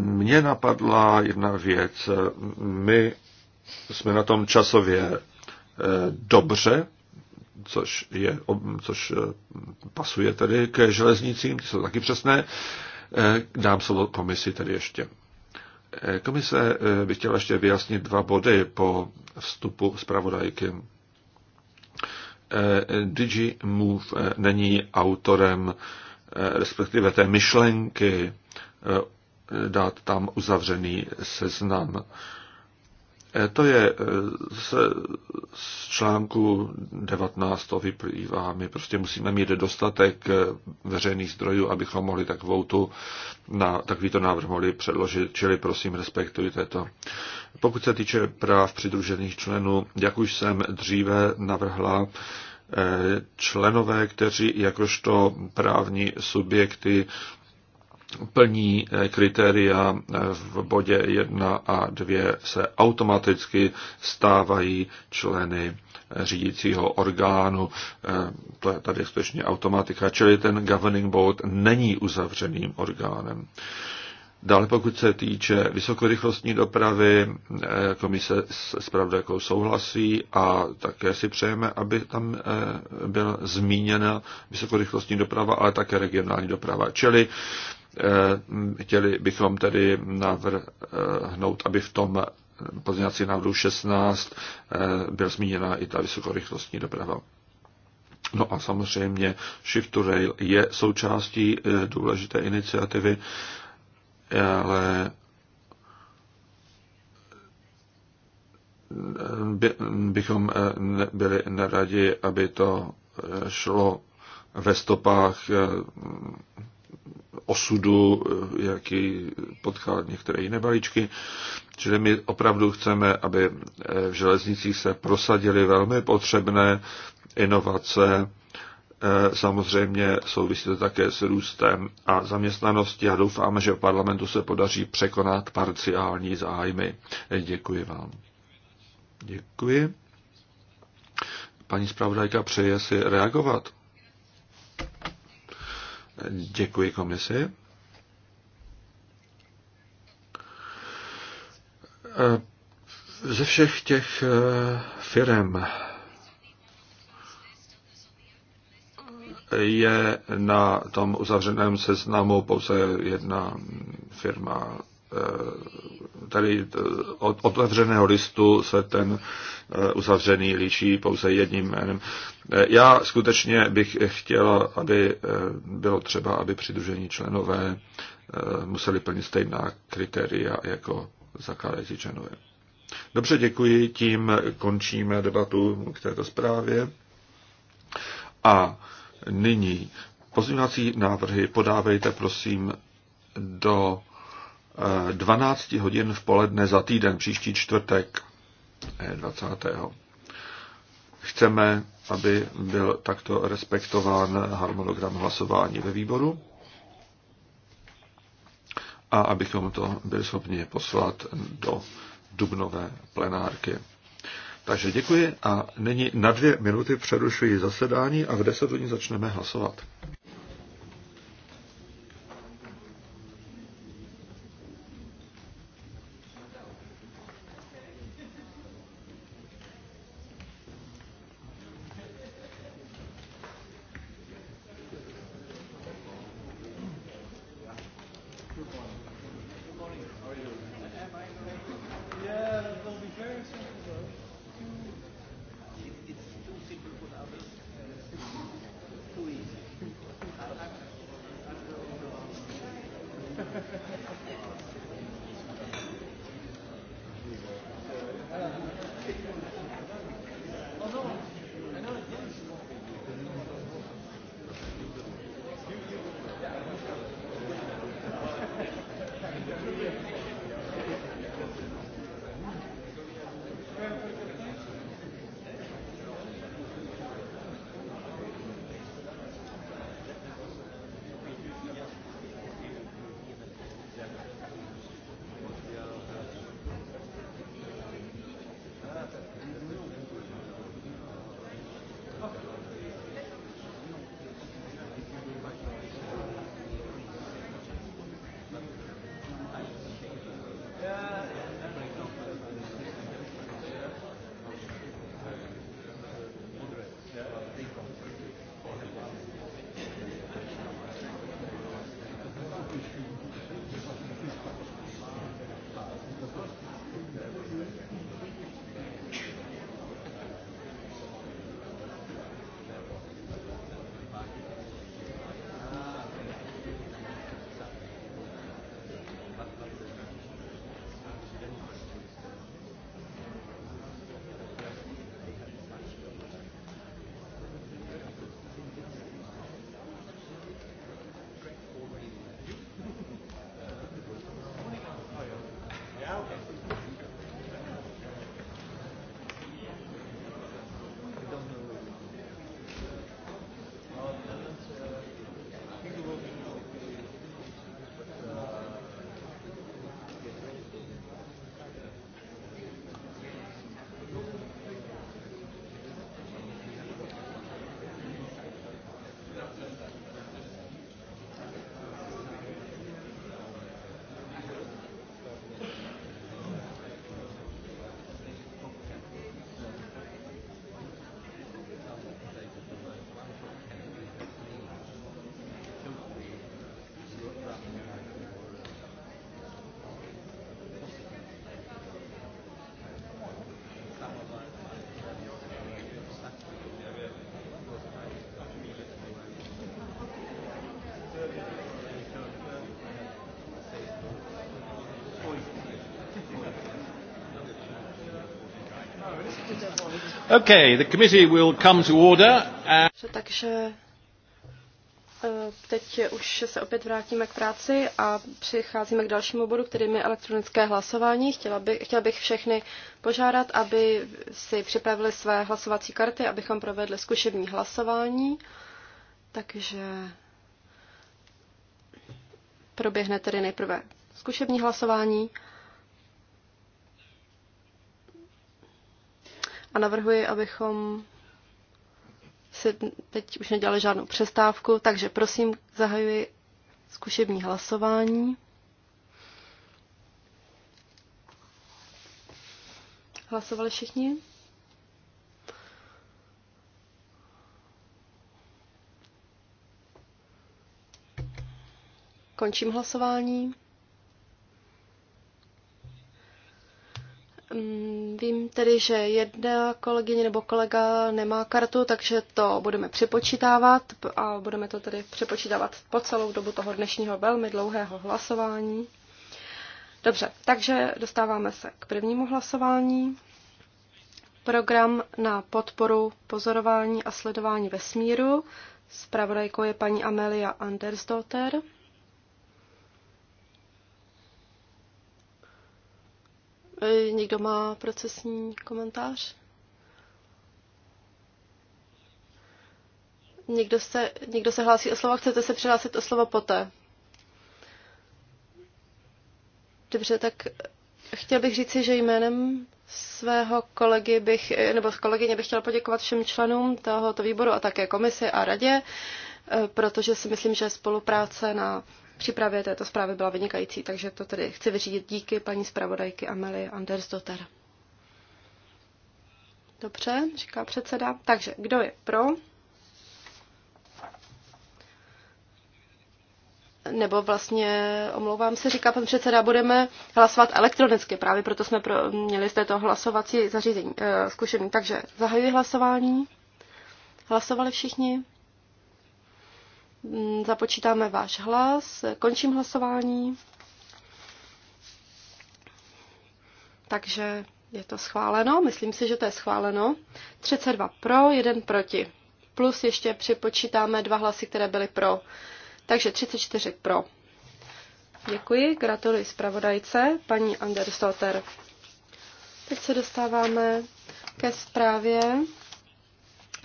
Mně napadla jedna věc. My jsme na tom časově dobře, což, je, což pasuje tedy ke železnicím, ty jsou taky přesné. Dám slovo komisi tedy ještě. Komise eh, bych chtěla ještě vyjasnit dva body po vstupu zpravodajky. Eh, DG Move eh, není autorem, respektive té myšlenky dát tam uzavřený seznam. Eh, to je z, eh, z článku 19, to vyplývá. My prostě musíme mít dostatek eh, veřejných zdrojů, abychom mohli takovou tu, na takovýto návrh mohli předložit, čili prosím, respektujte to. Pokud se týče práv přidružených členů, jak už jsem dříve navrhla, členové, kteří jakožto právní subjekty plní eh, kritéria eh, v bodě 1 a 2 se automaticky stávají členy eh, řídícího orgánu. To je tady skutečně automatika, čili ten governing board není uzavřeným orgánem. Dále pokud se týče vysokorychlostní dopravy, komise s pravdou souhlasí a také si přejeme, aby tam byla zmíněna vysokorychlostní doprava, ale také regionální doprava. Čili Eh, chtěli bychom tedy navrhnout, aby v tom pozměňovací návrhu 16 eh, byl zmíněna i ta vysokorychlostní doprava. No a samozřejmě Shift to Rail je součástí eh, důležité iniciativy, ale by, bychom byli neradi, aby to šlo ve stopách osudu, eh, jaký potkal některé jiné balíčky. Čili my opravdu chceme, aby eh, v železnicích se prosadily velmi potřebné inovace. Eh, samozřejmě souvisí to také s růstem a zaměstnaností a doufáme, že v parlamentu se podaří překonat parciální zájmy. Děkuji vám. Děkuji. Paní zpravodajka přeje si reagovat. Děkuji komisi. Ze všech těch eh, firm je na tom uzavřeném seznamu pouze jedna firma Eh, tady eh, od otevřeného listu se ten eh, uzavřený liší pouze jedním jménem. Já skutečně bych chtěl, aby bylo třeba, aby přidružení členové museli plnit stejná kritéria jako zakládající členové. Dobře, děkuji. Tím končíme debatu k této zprávě. A nyní pozměňovací návrhy podávejte prosím do 12 hodin v poledne za týden, příští čtvrtek 20. Eh, Chceme, aby byl takto respektován harmonogram hlasování ve výboru a abychom to byli schopni poslat do dubnové plenárky. Takže děkuji a nyní na dvě minuty přerušuji zasedání a v deset hodin začneme hlasovat. Okay, the committee will come to order. And... Takže eh, teď už se opět vrátíme k práci a přicházíme k dalšímu bodu, kterým je elektronické hlasování. Chtěla, by, chtěla bych všechny požádat, aby si připravili své hlasovací karty, abychom provedli zkušební hlasování. Takže proběhne tedy nejprve zkušební hlasování. a navrhuji, abychom si teď už nedělali žádnou přestávku, takže prosím, zahajuji zkušební hlasování. Hlasovali všichni? Končím hlasování. Mm, vím tedy, že jedna kolegyně nebo kolega nemá kartu, takže to budeme přepočítávat a budeme to tedy přepočítávat po celou dobu toho dnešního velmi dlouhého hlasování. Dobře, takže dostáváme se k prvnímu hlasování. Program na podporu pozorování a sledování vesmíru. Spravodajkou je paní Amelia Andersdotter. E, někdo má procesní komentář? Někdo se, někdo se hlásí o slovo, chcete se přihlásit o slovo poté? Dobře, tak chtěl bych říci, že jménem svého kolegy bych, nebo kolegyně bych chtěla poděkovat všem členům tohoto výboru a také komisi a radě, e, protože si myslím, že spolupráce na přípravě této zprávy byla vynikající, takže to tedy chci vyřídit díky paní zpravodajky Amelie Andersdotter. Dobře, říká předseda. Takže kdo je pro? Nebo vlastně, omlouvám se, říká pan předseda, budeme hlasovat elektronicky, právě proto jsme pro, měli z této hlasovací zařízení e, eh, zkušený. Takže zahajuji hlasování. Hlasovali všichni? Mm, započítáme váš hlas. Končím hlasování. Takže je to schváleno. Myslím si, že to je schváleno. 32 pro, 1 proti. Plus ještě připočítáme dva hlasy, které byly pro. Takže 34 pro. Děkuji, gratuluji zpravodajce, paní Andersdotter. Teď se dostáváme ke zprávě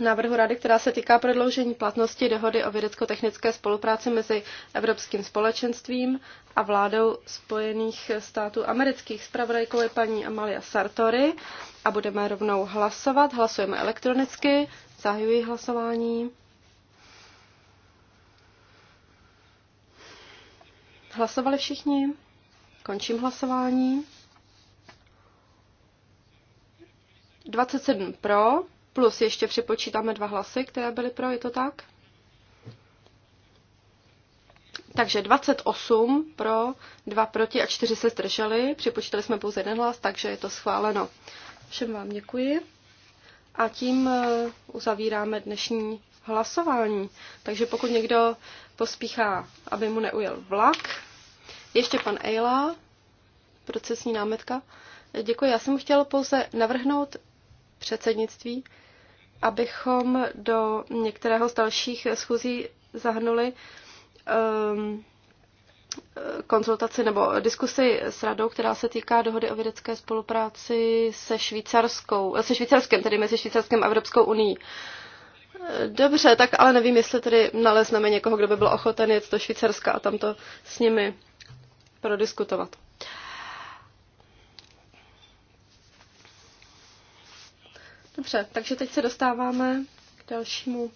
návrhu rady, která se týká prodloužení platnosti dohody o vědecko-technické spolupráci mezi Evropským společenstvím a vládou Spojených států amerických. Spravodajkou je paní Amalia Sartori a budeme rovnou hlasovat. Hlasujeme elektronicky. Zahajuji hlasování. Hlasovali všichni? Končím hlasování. 27 pro, plus ještě přepočítáme dva hlasy, které byly pro, je to tak? Takže 28 pro, 2 proti a 4 se zdrželi. Připočítali jsme pouze jeden hlas, takže je to schváleno. Všem vám děkuji. A tím eh, uzavíráme dnešní hlasování. Takže pokud někdo pospíchá, aby mu neujel vlak, ještě pan Ejla, procesní námetka. Děkuji, já jsem chtěl pouze navrhnout předsednictví, abychom do některého z dalších schůzí zahrnuli um, konzultaci nebo diskusi s radou, která se týká dohody o vědecké spolupráci se švýcarskou, se švýcarskem, tedy mezi švýcarskem a Evropskou unii. Dobře, tak ale nevím, jestli tedy nalezneme někoho, kdo by byl ochoten jet do Švýcarska a tam to s nimi prodiskutovat. Dobře, takže teď se dostáváme k dalšímu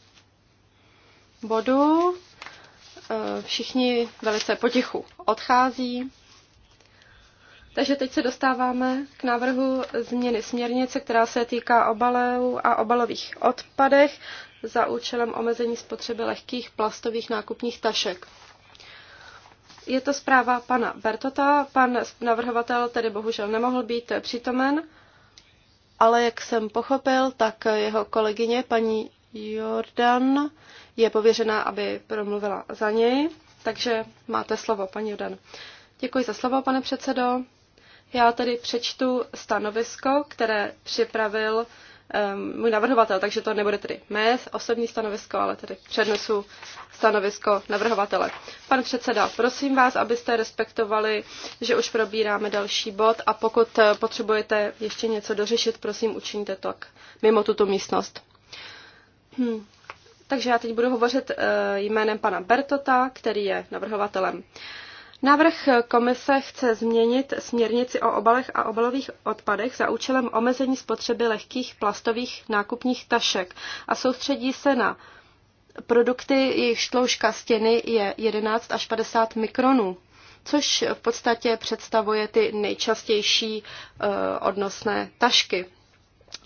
bodu. E, všichni velice potichu odchází. Takže teď se dostáváme k návrhu změny směrnice, která se týká obalů a obalových odpadech za účelem omezení spotřeby lehkých plastových nákupních tašek. Je to zpráva pana Bertota. Pan navrhovatel tedy bohužel nemohl být přítomen ale jak jsem pochopil, tak jeho kolegyně paní Jordan je pověřená, aby promluvila za něj. Takže máte slovo, paní Jordan. Děkuji za slovo, pane předsedo. Já tedy přečtu stanovisko, které připravil Ehm, můj navrhovatel, takže to nebude tedy mé osobní stanovisko, ale tedy přednesu stanovisko navrhovatele. Pan předseda, prosím vás, abyste respektovali, že už probíráme další bod a pokud eh, potřebujete ještě něco dořešit, prosím, učiníte to mimo tuto místnost. Hm. Takže já teď budu hovořit eh, jménem pana Bertota, který je navrhovatelem. Uh, Návrh komise chce změnit směrnici o obalech a obalových odpadech za účelem omezení spotřeby lehkých plastových nákupních tašek a soustředí se na produkty, jejichž tloušťka stěny je 11 až 50 mikronů, což v podstatě představuje ty nejčastější eh, odnosné tašky,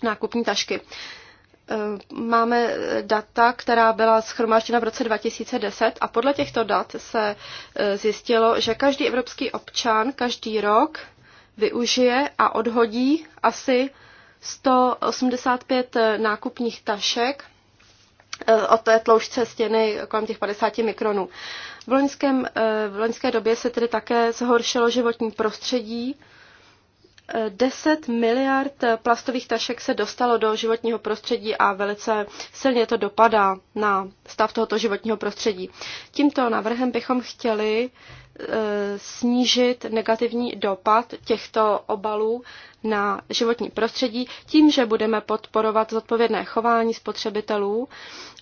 nákupní tašky. Eh, máme data, která byla schromážděna v roce 2010 a podle těchto dat se eh, zjistilo, že každý evropský občan každý rok využije a odhodí asi 185 eh, nákupních tašek o té tloušťce stěny kolem těch 50 mikronů. V loňském, v loňské době se tedy také zhoršilo životní prostředí, 10 miliard plastových tašek se dostalo do životního prostředí a velice silně to dopadá na stav tohoto životního prostředí. Tímto návrhem bychom chtěli eh, snížit negativní dopad těchto obalů na životní prostředí tím, že budeme podporovat zodpovědné chování spotřebitelů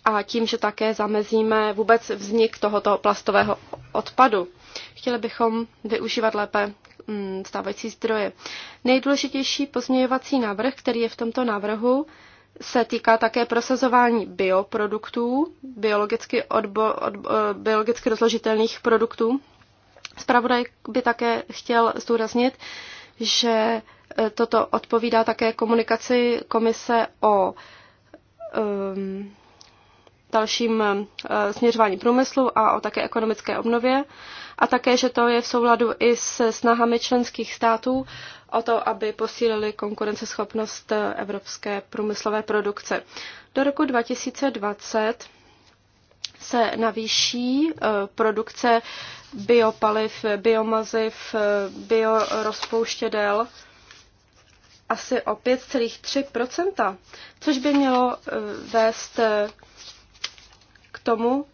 a tím, že také zamezíme vůbec vznik tohoto plastového odpadu. Chtěli bychom využívat lépe Mm, stávající zdroje. Nejdůležitější pozměňovací návrh, který je v tomto návrhu, se týká také prosazování bioproduktů, biologicky, odbo, od, eh, biologicky rozložitelných produktů. Spravodaj by také chtěl zdůraznit, že eh, toto odpovídá také komunikaci komise o um, dalším eh, směřování průmyslu a o také ekonomické obnově. A také, že to je v souladu i s snahami členských států o to, aby posílili konkurenceschopnost eh, evropské průmyslové produkce. Do roku 2020 se navýší eh, produkce biopaliv, biomaziv, biorozpouštědel asi o 5,3%, což by mělo vést tomu,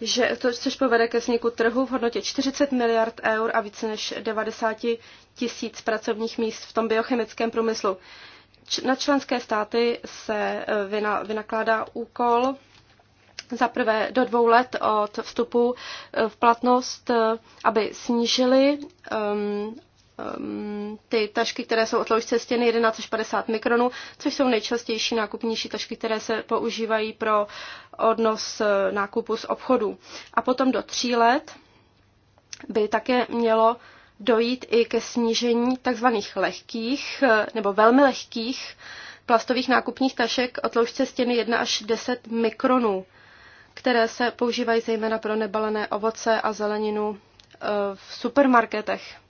že to, což povede ke vzniku trhu v hodnotě 40 miliard eur a více než 90 tisíc pracovních míst v tom biochemickém průmyslu. Na členské státy se e, vynakládá úkol za prvé do dvou let od vstupu e, v platnost, e, aby snížili um, Ehm, ty tašky, které jsou o tloušťce stěny 11 až 50 mikronů, což jsou nejčastější nákupnější tašky, které se používají pro odnos eh, nákupu z obchodu. A potom do tří let by také mělo dojít i ke snížení tzv. lehkých eh, nebo velmi lehkých plastových nákupních tašek o tloušťce stěny 1 až 10 mikronů, které se používají zejména pro nebalené ovoce a zeleninu eh, v supermarketech.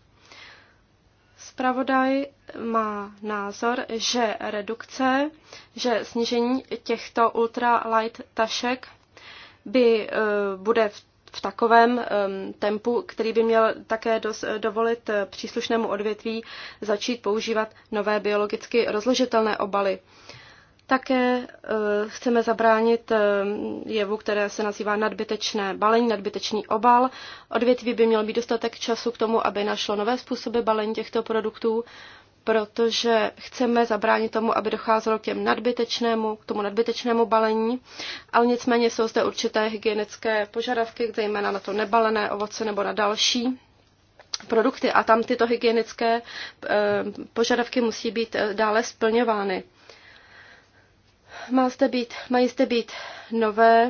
Spravodaj má názor, že redukce, že snížení těchto ultralight tašek by eh, bude v v takovém um, tempu, který by měl také dos, eh, dovolit eh, příslušnému odvětví začít používat nové biologicky rozložitelné obaly. Uh, také eh, chceme zabránit eh, jevu, které se nazývá nadbytečné balení, nadbytečný obal. Odvětví by mělo být dostatek času k tomu, aby našlo nové způsoby balení těchto produktů, protože chceme zabránit tomu, aby docházelo k, těm nadbytečnému, k tomu nadbytečnému balení, ale nicméně jsou zde určité hygienické požadavky, zejména na to nebalené ovoce nebo na další produkty a tam tyto hygienické eh, požadavky musí být dále splňovány. Má zde být, mají zde být nové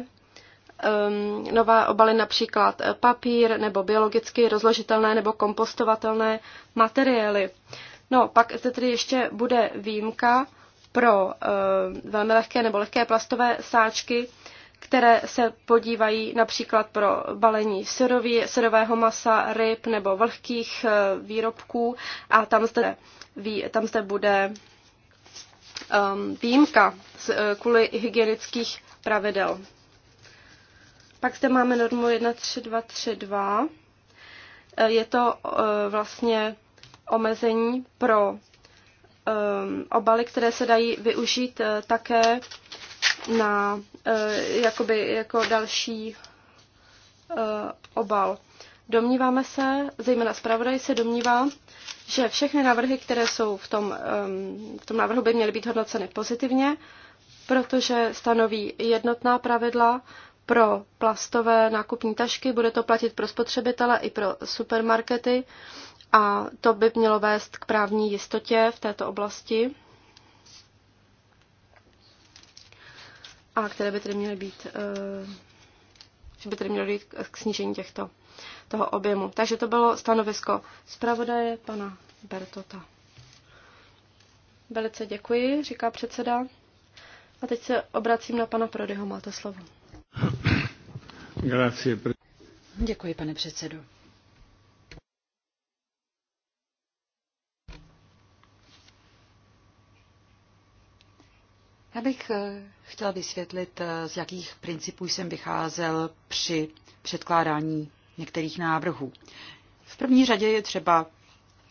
um, nové obaly, například eh, papír nebo biologicky rozložitelné nebo kompostovatelné materiály. No, pak zde tedy ještě bude výjimka pro uh, velmi lehké nebo lehké plastové sáčky, které se podívají například pro balení syrový, syrového masa, ryb nebo vlhkých uh, výrobků a tam zde, tam zde bude Um, výjimka eh, kvůli hygienických pravidel. Pak zde máme normu 13232. Eh, je to eh, vlastně omezení pro ehm, obaly, které se dají využít také na jakoby, jako další obal. Domníváme se, zejména zpravodaj se domnívá, že všechny návrhy, které jsou v tom, v tom návrhu, by měly být hodnoceny pozitivně, protože stanoví jednotná pravidla pro plastové nákupní tašky, bude to platit pro spotřebitele i pro supermarkety a to by mělo vést k právní jistotě v této oblasti. A které by tedy měly být, eh, že by tedy mělo být k snížení těchto toho objemu. Takže to bylo stanovisko zpravodaje pana Bertota. Velice děkuji, říká předseda. A teď se obracím na pana Prodyho, máte slovo. Děkuji, pane předsedo. Já bych eh, chtěla vysvětlit, eh, z jakých principů jsem vycházel při předkládání některých návrhů. V první řadě je třeba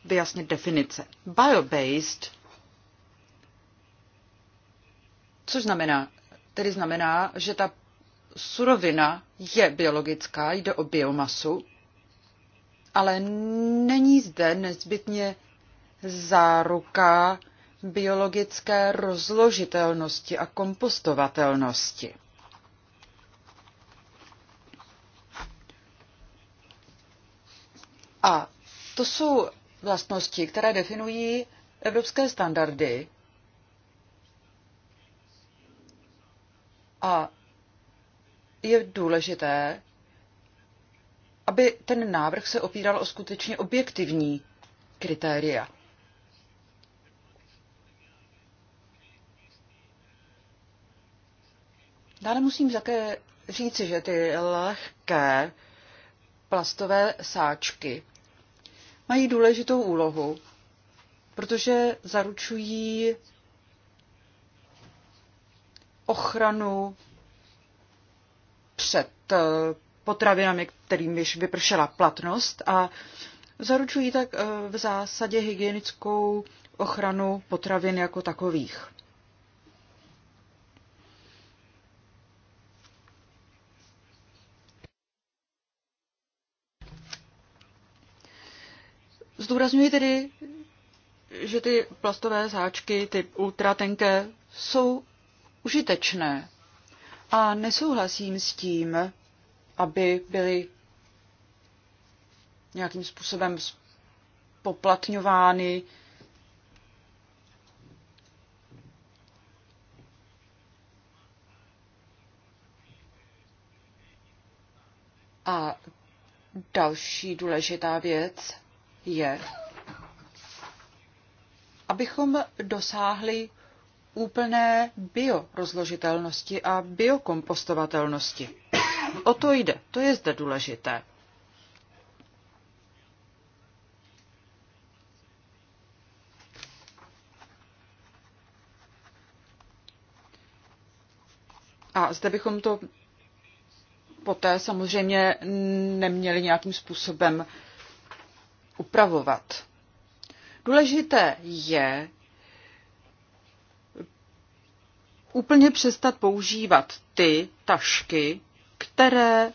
vyjasnit definice. Biobased, což znamená, tedy znamená, že ta surovina je biologická, jde o biomasu, ale není zde nezbytně záruka biologické rozložitelnosti a kompostovatelnosti. A to jsou vlastnosti, které definují evropské standardy. A je důležité, aby ten návrh se opíral o skutečně objektivní kritéria. Dále musím také říci, že ty lehké plastové sáčky mají důležitou úlohu, protože zaručují ochranu před potravinami, kterým již vypršela platnost a zaručují tak eh, v zásadě hygienickou ochranu potravin jako takových. Zdůrazňuji tedy, že ty plastové sáčky, ty ultratenké, jsou užitečné. A nesouhlasím s tím, aby byly nějakým způsobem poplatňovány A další důležitá věc je, abychom dosáhli úplné biorozložitelnosti a biokompostovatelnosti. O to jde, to je zde důležité. A zde bychom to poté samozřejmě neměli nějakým způsobem upravovat. Důležité je úplně přestat používat ty tašky, které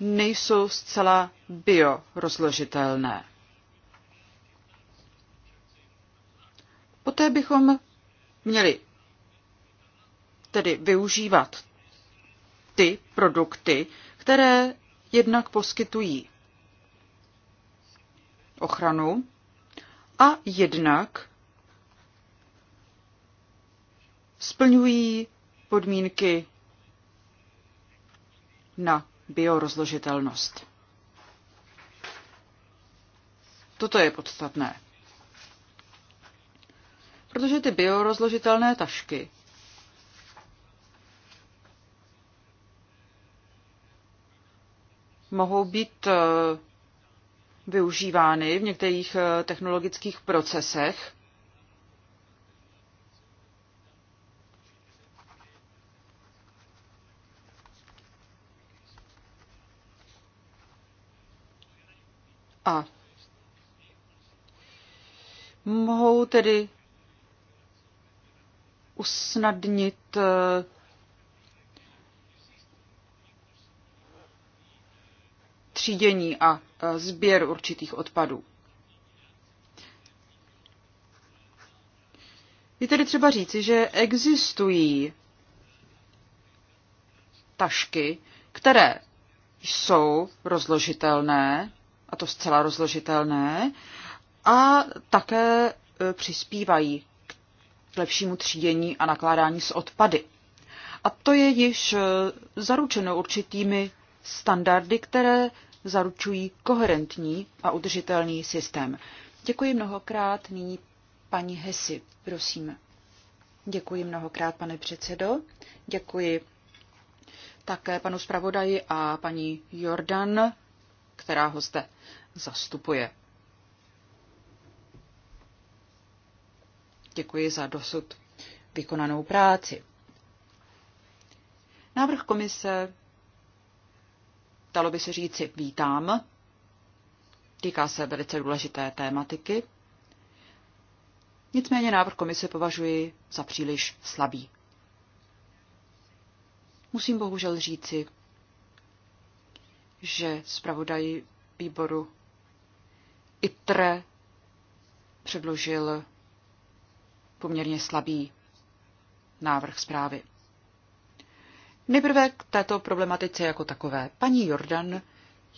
nejsou zcela biorozložitelné. Poté bychom měli tedy využívat ty produkty, které jednak poskytují ochranu a jednak splňují podmínky na biorozložitelnost. Toto je podstatné. Protože ty biorozložitelné tašky mohou být eh, využívány v některých eh, technologických procesech. A mohou tedy usnadnit eh, třídění a e, sběr určitých odpadů. Je tedy třeba říci, že existují tašky, které jsou rozložitelné, a to zcela rozložitelné, a také e, přispívají k lepšímu třídění a nakládání s odpady. A to je již e, zaručeno určitými standardy, které zaručují koherentní a udržitelný systém. Děkuji mnohokrát. Nyní paní Hesi, prosím. Děkuji mnohokrát, pane předsedo. Děkuji také panu zpravodaji a paní Jordan, která ho zde zastupuje. Děkuji za dosud vykonanou práci. Návrh komise dalo by se říci, vítám. Týká se velice důležité tématiky. Nicméně návrh komise považuji za příliš slabý. Musím bohužel říci, že zpravodaj výboru ITRE předložil poměrně slabý návrh zprávy. Nejprve k této problematice jako takové. Paní Jordan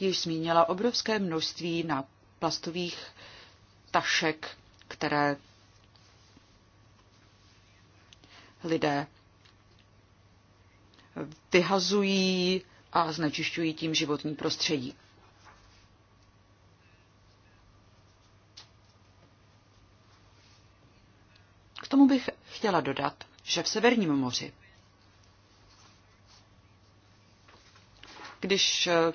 již zmínila obrovské množství na plastových tašek, které lidé vyhazují a znečišťují tím životní prostředí. K tomu bych chtěla dodat, že v Severním moři když eh,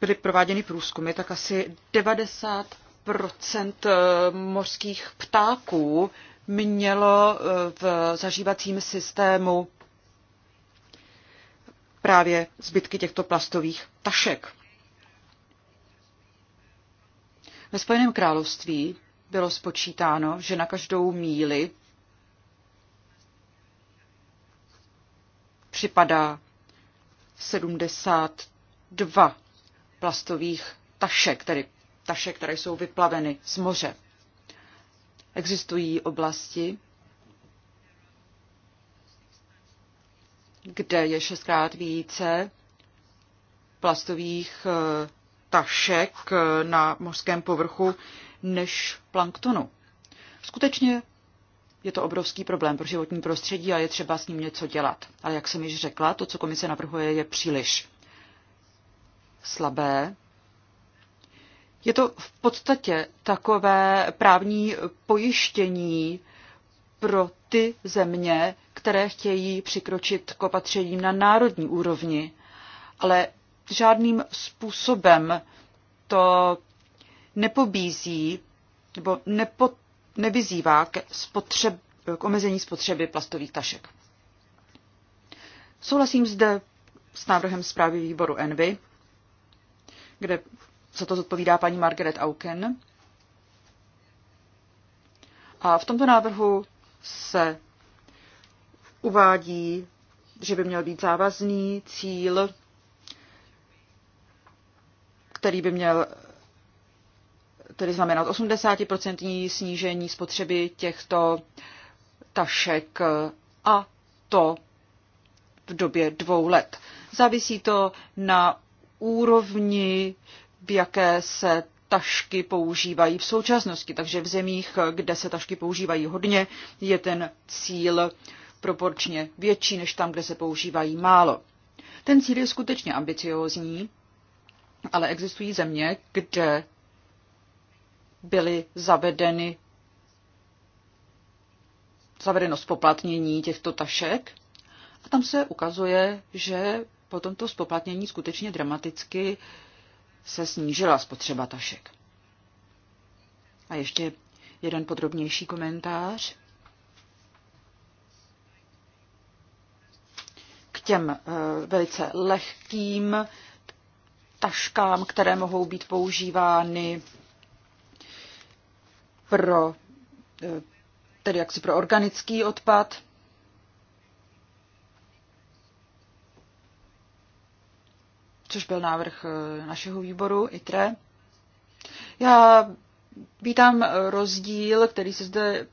byly prováděny průzkumy, tak asi 90 eh, mořských ptáků mělo eh, v zažívacím systému právě zbytky těchto plastových tašek. Ve Spojeném království bylo spočítáno, že na každou míli připadá 72 plastových tašek, tedy tašek, které jsou vyplaveny z moře. Existují oblasti, kde je šestkrát více plastových eh, tašek eh, na mořském povrchu než planktonu. Skutečně je to obrovský problém pro životní prostředí a je třeba s ním něco dělat. Ale jak jsem již řekla, to, co komise navrhuje, je příliš slabé. Je to v podstatě takové právní pojištění pro ty země, které chtějí přikročit k opatřením na národní úrovni, ale žádným způsobem to nepobízí nebo nepod, nevyzývá k, spotřeb, k omezení spotřeby plastových tašek. Souhlasím zde s návrhem zprávy výboru Envy, kde za to zodpovídá paní Margaret Auken. A v tomto návrhu se uvádí, že by měl být závazný cíl, který by měl tedy znamenat 80% snížení spotřeby těchto tašek a to v době dvou let. Závisí to na úrovni, v jaké se tašky používají v současnosti. Takže v zemích, kde se tašky používají hodně, je ten cíl proporčně větší než tam, kde se používají málo. Ten cíl je skutečně ambiciózní, ale existují země, kde byly zavedeny zavedeno spoplatnění těchto tašek. A tam se ukazuje, že po tomto spoplatnění skutečně dramaticky se snížila spotřeba tašek. A ještě jeden podrobnější komentář. K těm eh, velice lehkým taškám, které mohou být používány pro, eh, tedy jaksi pro organický odpad. což byl návrh eh, našeho výboru ITRE. Já vítám eh, rozdíl, který se zde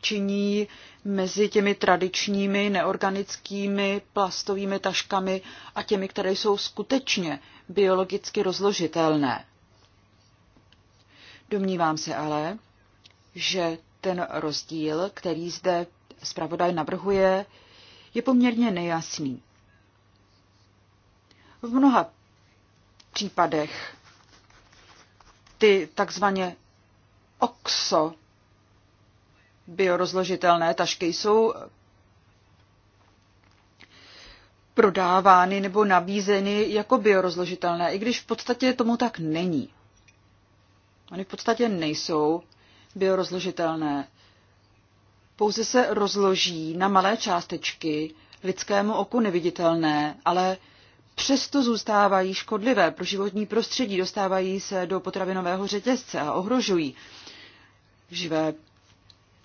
činí mezi těmi tradičními neorganickými plastovými taškami a těmi, které jsou skutečně biologicky rozložitelné. Domnívám se ale, že ten rozdíl, který zde zpravodaj navrhuje, je poměrně nejasný. V mnoha případech ty takzvaně OXO biorozložitelné tašky jsou prodávány nebo nabízeny jako biorozložitelné, i když v podstatě tomu tak není. Ony v podstatě nejsou biorozložitelné. Pouze se rozloží na malé částečky, lidskému oku neviditelné, ale přesto zůstávají škodlivé pro životní prostředí, dostávají se do potravinového řetězce a ohrožují živé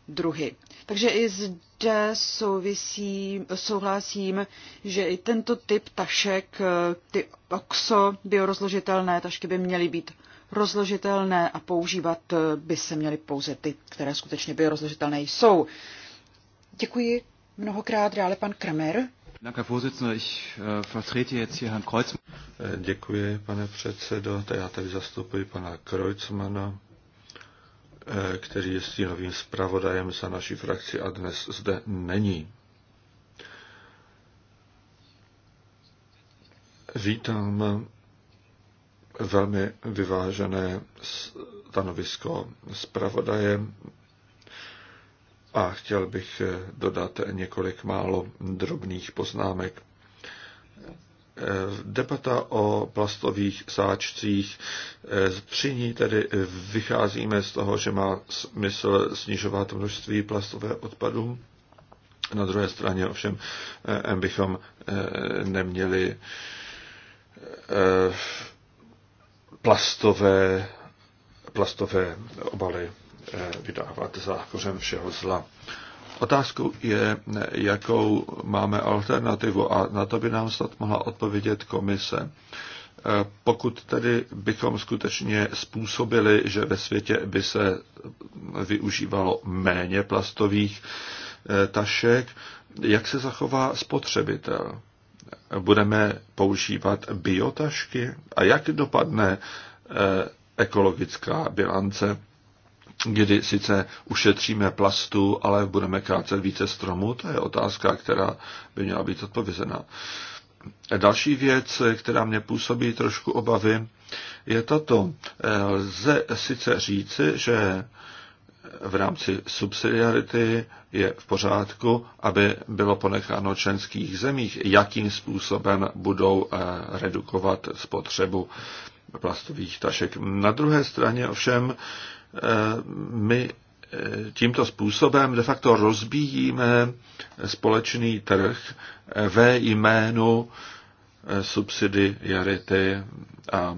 druhy. Takže i zde souvisí, souhlasím, že i tento typ tašek, ty oxo biorozložitelné tašky by měly být rozložitelné a používat eh, by se měly pouze ty, které skutečně by rozložitelné jsou. Děkuji mnohokrát dále pan Kramer. Äh, eh, děkuji, pane předsedo. Já tady zastupuji pana Kreuzmana, eh, který je stínovým zpravodajem za naší frakci a dnes zde není. Vítám velmi vyvážené stanovisko zpravodaje a chtěl bych dodat několik málo drobných poznámek. Debata o plastových sáčcích, při ní tedy vycházíme z toho, že má smysl snižovat množství plastové odpadu. Na druhé straně ovšem eh, bychom eh, neměli eh, plastové, plastové obaly eh, vydávat za kořen všeho zla. Otázkou je, jakou máme alternativu a na to by nám snad mohla odpovědět komise. Eh, pokud tedy bychom skutečně způsobili, že ve světě by se využívalo méně plastových eh, tašek, jak se zachová spotřebitel? budeme používat biotašky a jak dopadne eh, ekologická bilance, kdy sice ušetříme plastu, ale budeme krácet více stromů, to je otázka, která by měla být odpovězena. Další věc, která mě působí trošku obavy, je tato. Eh, lze sice říci, že v rámci subsidiarity je v pořádku, aby bylo ponecháno členských zemích, jakým způsobem budou eh, redukovat spotřebu plastových tašek. Na druhé straně ovšem eh, my eh, tímto způsobem de facto rozbíjíme společný trh ve jménu subsidiarity a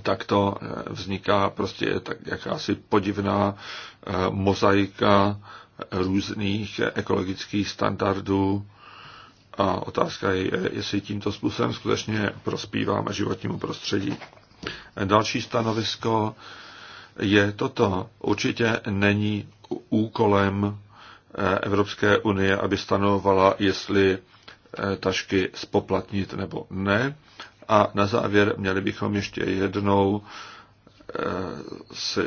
tak to eh, vzniká prostě tak jakási podivná eh, mozaika různých ekologických standardů a otázka je, jestli tímto způsobem skutečně prospíváme životnímu prostředí. Další stanovisko je toto. Určitě není úkolem eh, Evropské unie, aby stanovovala, jestli tašky spoplatnit nebo ne. A na závěr měli bychom ještě jednou eh, si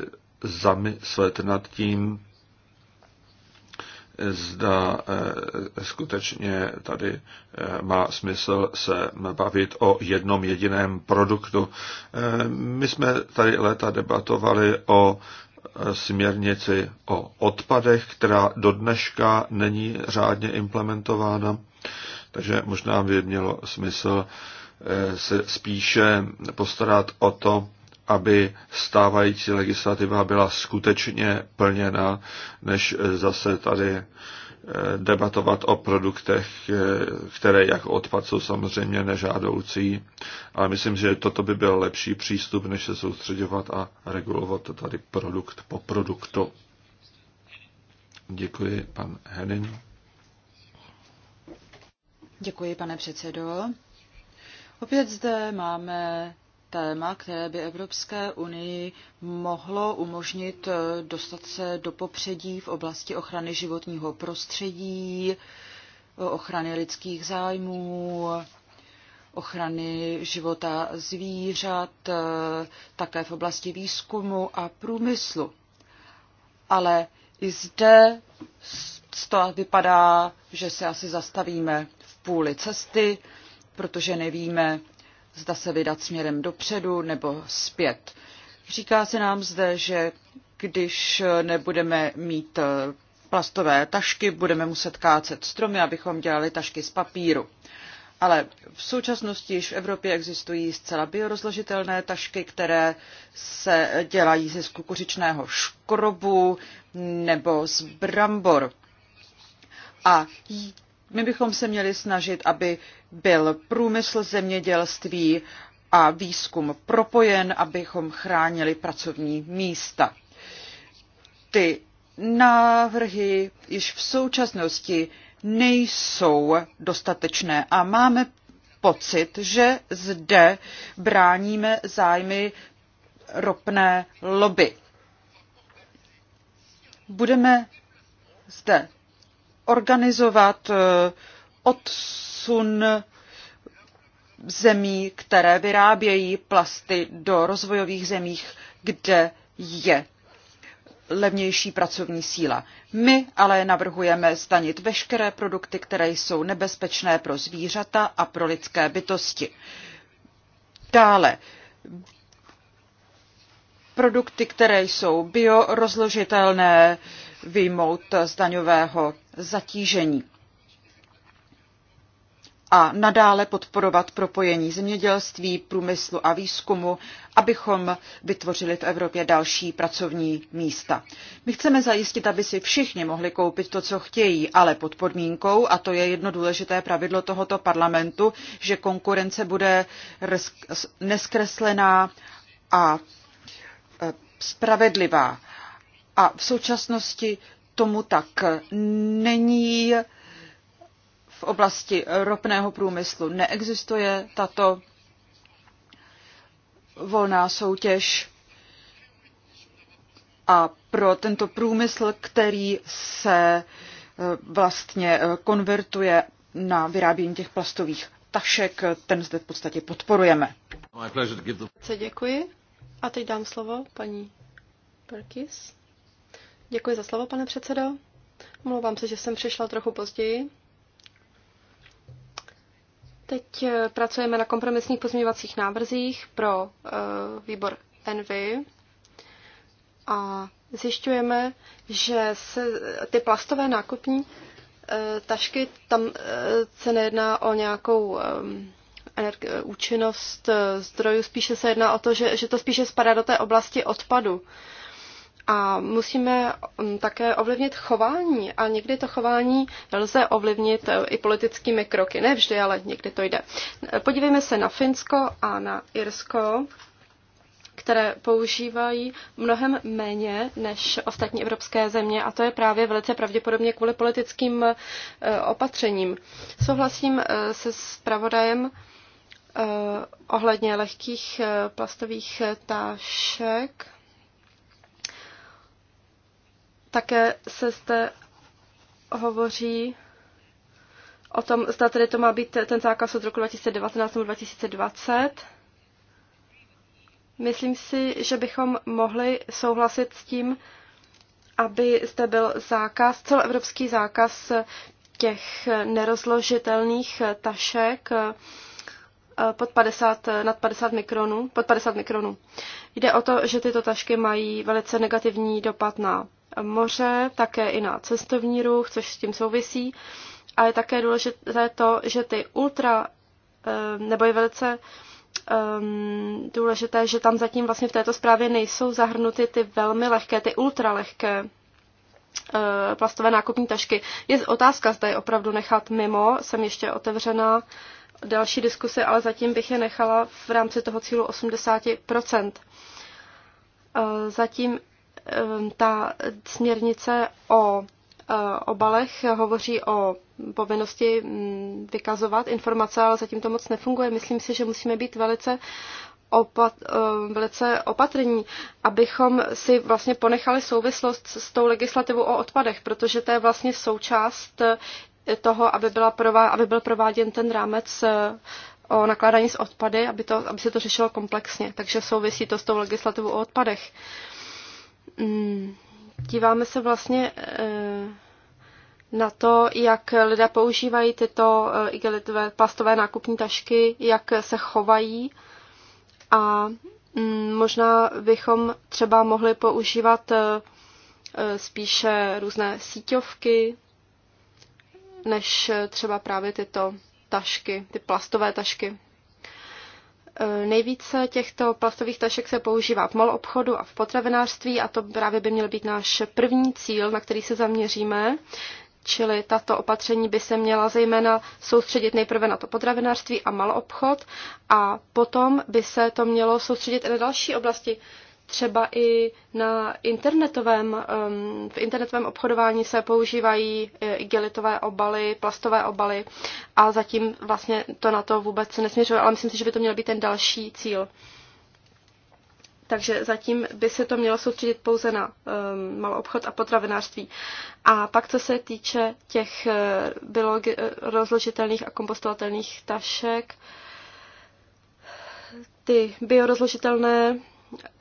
zamyslet nad tím, zda eh, skutečně tady eh, má smysl se bavit o jednom jediném produktu. My jsme tady léta debatovali o směrnici o odpadech, která do dneška není řádně implementována, takže možná by mělo smysl Eh, se spíše postarat o to, aby stávající legislativa byla skutečně plněna, než eh, zase tady eh, debatovat o produktech, které jako odpad jsou samozřejmě nežádoucí, ale myslím, že toto by byl lepší přístup, než se soustředovat a regulovat tady produkt po produktu. Děkuji, pan Henin. Děkuji, pane předsedo. Opět zde máme téma, které by Evropské unii mohlo umožnit eh, dostat se do popředí v oblasti ochrany životního prostředí, eh, ochrany lidských zájmů, ochrany života zvířat, eh, také v oblasti výzkumu a průmyslu. Ale i zde toho vypadá, že se asi zastavíme v půli cesty protože nevíme, zda se vydat směrem dopředu nebo zpět. Říká se nám zde, že když nebudeme mít eh, plastové tašky, budeme muset kácet stromy, abychom dělali tašky z papíru. Ale v současnosti již v Evropě existují zcela biorozložitelné tašky, které se dělají ze kukuřičného škrobu nebo z brambor. A my bychom se měli snažit, aby byl průmysl zemědělství a výzkum propojen, abychom chránili pracovní místa. Ty návrhy již v současnosti nejsou dostatečné a máme pocit, že zde bráníme zájmy ropné lobby. Budeme zde organizovat eh, odsun zemí, které vyrábějí plasty do rozvojových zemích, kde je levnější pracovní síla. My ale navrhujeme zdanit veškeré produkty, které jsou nebezpečné pro zvířata a pro lidské bytosti. Dále produkty, které jsou biorozložitelné, vyjmout z daňového zatížení a nadále podporovat propojení zemědělství, průmyslu a výzkumu, abychom vytvořili v Evropě další pracovní místa. My chceme zajistit, aby si všichni mohli koupit to, co chtějí, ale pod podmínkou, a to je jedno důležité pravidlo tohoto parlamentu, že konkurence bude neskreslená a e, spravedlivá. A v současnosti tomu tak není. V oblasti ropného průmyslu neexistuje tato volná soutěž a pro tento průmysl, který se eh, vlastně eh, konvertuje na vyrábění těch plastových tašek, ten zde v podstatě podporujeme. Děkuji. A teď dám slovo paní Perkis. Děkuji za slovo, pane předsedo. Omlouvám se, že jsem přišla trochu později. Teď eh, pracujeme na kompromisních pozměňovacích návrzích pro uh, výbor Envy a zjišťujeme, že se ty plastové nákupní uh, tašky, tam uh, se nejedná o nějakou um, energi- účinnost uh, zdrojů, spíše se jedná o to, že, že to spíše spadá do té oblasti odpadu. Uh, a musíme mm, také ovlivnit chování. A někdy to chování lze ovlivnit e, i politickými kroky. Ne vždy, ale někdy to jde. E, podívejme se na Finsko a na Irsko které používají mnohem méně než ostatní evropské země a to je právě velice pravděpodobně kvůli politickým e, opatřením. Souhlasím se zpravodajem ohledně lehkých plastových tášek také se zde hovoří o tom, zda tedy to má být ten zákaz od roku 2019 nebo 2020. Myslím si, že bychom mohli souhlasit s tím, aby zde byl zákaz, celoevropský zákaz těch nerozložitelných tašek eh, pod 50, nad 50 mikronů, pod 50 mikronů. Jde o to, že tyto tašky mají velice negativní dopad na moře, také i na cestovní ruch, což s tím souvisí. A je také důležité to, že ty ultra, eh, nebo je velice um, důležité, že tam zatím vlastně v této zprávě nejsou zahrnuty ty velmi lehké, ty ultralehké uh, eh, plastové nákupní tašky. Je otázka, zda je opravdu nechat mimo, jsem ještě otevřená další diskuse, ale zatím bych je nechala v rámci toho cílu 80%. Zatím Ehm, ta směrnice o eh, obalech hovoří o povinnosti mm, vykazovat informace, ale zatím to moc nefunguje. Myslím si, že musíme být velice opat, ehm, velice opatrní, abychom si vlastně ponechali souvislost s tou legislativou o odpadech, protože to je vlastně součást eh, toho, aby, byla prová, aby byl prováděn ten rámec eh, o nakládání s odpady, aby, to, aby se to řešilo komplexně. Takže souvisí to s tou legislativou o odpadech. Uh, Mm, díváme se vlastně eh, na to, jak lidé používají tyto eh, igelitové plastové nákupní tašky, jak se chovají a mm, možná bychom třeba mohli používat eh, spíše různé síťovky, než třeba právě tyto tašky, ty plastové tašky. Eh, nejvíce těchto plastových tašek se používá v mal obchodu a v potravinářství a to právě by měl být náš první cíl, na který se zaměříme. Čili tato opatření by se měla zejména soustředit nejprve na to potravinářství a malobchod a potom by se to mělo soustředit i na další oblasti, třeba i na internetovém, v internetovém obchodování se používají eh, igelitové obaly, plastové obaly a zatím vlastně to na to vůbec nesměřuje, ale myslím si, že by to měl být ten další cíl. Takže zatím by se to mělo soustředit pouze na um, maloobchod a potravinářství. A pak, co se týče těch uh, biologi- eh, rozložitelných a kompostovatelných tašek, ty biorozložitelné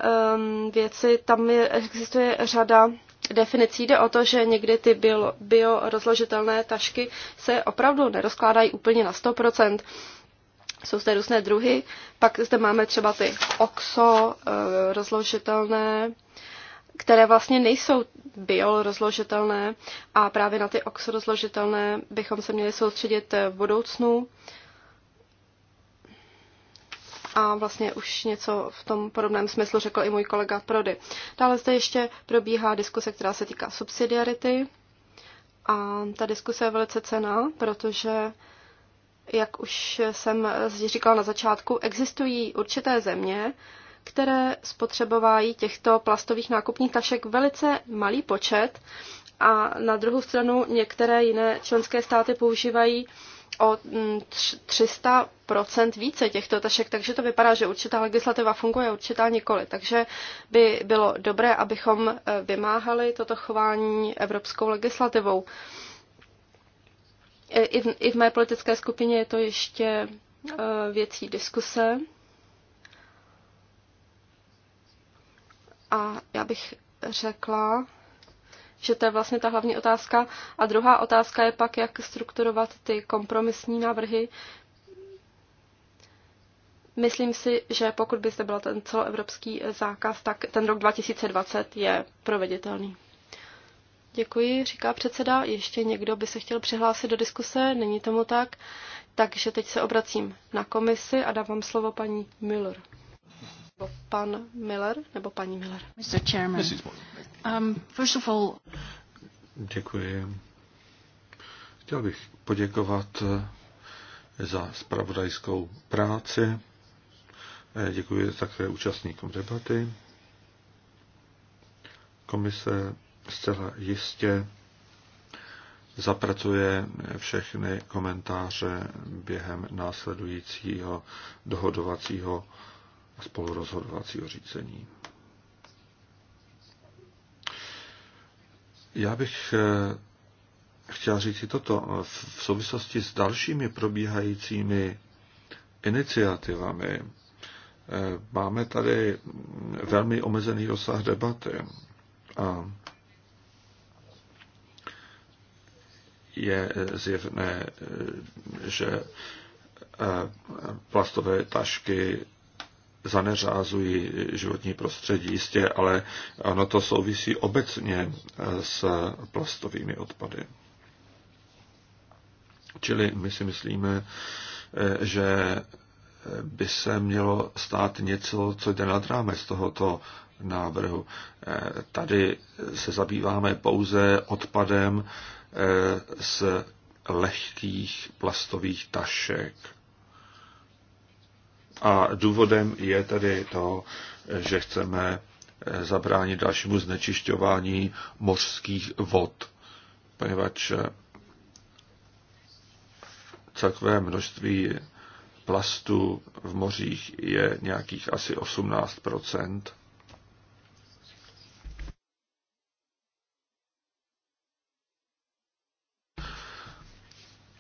um, věci, tam je, existuje řada definicí. Jde o to, že někdy ty bio, bio rozložitelné tašky se opravdu nerozkládají úplně na 100%. Jsou zde různé druhy. Pak zde máme třeba ty oxo uh, rozložitelné, které vlastně nejsou bio rozložitelné a právě na ty oxo rozložitelné bychom se měli soustředit v budoucnu. Uh, a vlastně už něco v tom podobném smyslu řekl i můj kolega Prody. Dále zde ještě probíhá diskuse, která se týká subsidiarity a ta diskuse je velice cená, protože jak už jsem říkal na začátku, existují určité země, které spotřebovají těchto plastových nákupních tašek velice malý počet a na druhou stranu některé jiné členské státy používají o 300% mm, více těchto tašek, takže to vypadá, že určitá legislativa funguje, určitá nikoli. Takže by bylo dobré, abychom e, vymáhali toto chování evropskou legislativou. E, I v, i v mé politické skupině je to ještě e, věcí diskuse. A já bych řekla, že to je vlastně ta hlavní otázka. A druhá otázka je pak, jak strukturovat ty kompromisní návrhy. Myslím si, že pokud by zde byl ten celoevropský zákaz, tak ten rok 2020 je proveditelný. Děkuji, říká předseda. Ještě někdo by se chtěl přihlásit do diskuse? Není tomu tak. Takže teď se obracím na komisi a dávám slovo paní Müller. Pan Miller nebo paní Miller? Mr. Chairman. Um, first of all... Děkuji. Chtěl bych poděkovat eh, za spravodajskou práci. Eh, děkuji také účastníkům debaty. Komise zcela jistě zapracuje všechny komentáře během následujícího dohodovacího spolurozhodovacího řízení. Já bych eh, chtěl říct i toto. V souvislosti s dalšími probíhajícími iniciativami eh, máme tady velmi omezený rozsah debaty. A je eh, zjevné, že plastové tašky zaneřázují životní prostředí jistě, ale ono to souvisí obecně s plastovými odpady. Čili my si myslíme, že by se mělo stát něco, co jde nad rámec tohoto návrhu. Tady se zabýváme pouze odpadem z lehkých plastových tašek. A důvodem je tedy to, že chceme eh, zabránit dalšímu znečišťování mořských vod, poněvadž eh, celkové množství plastu v mořích je nějakých asi 18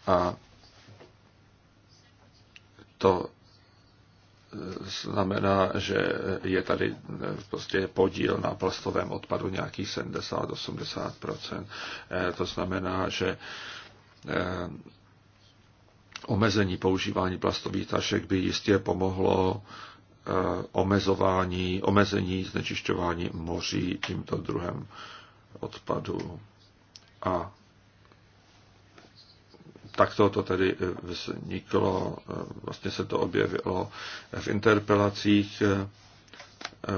A to znamená, že je tady eh, prostě podíl na plastovém odpadu nějakých eh, 70-80%. To znamená, že eh, omezení používání plastových tašek by jistě pomohlo omezování, omezení znečišťování moří tímto druhem odpadu. A takto to tedy eh, vzniklo, eh, vlastně se to objevilo v interpelacích eh,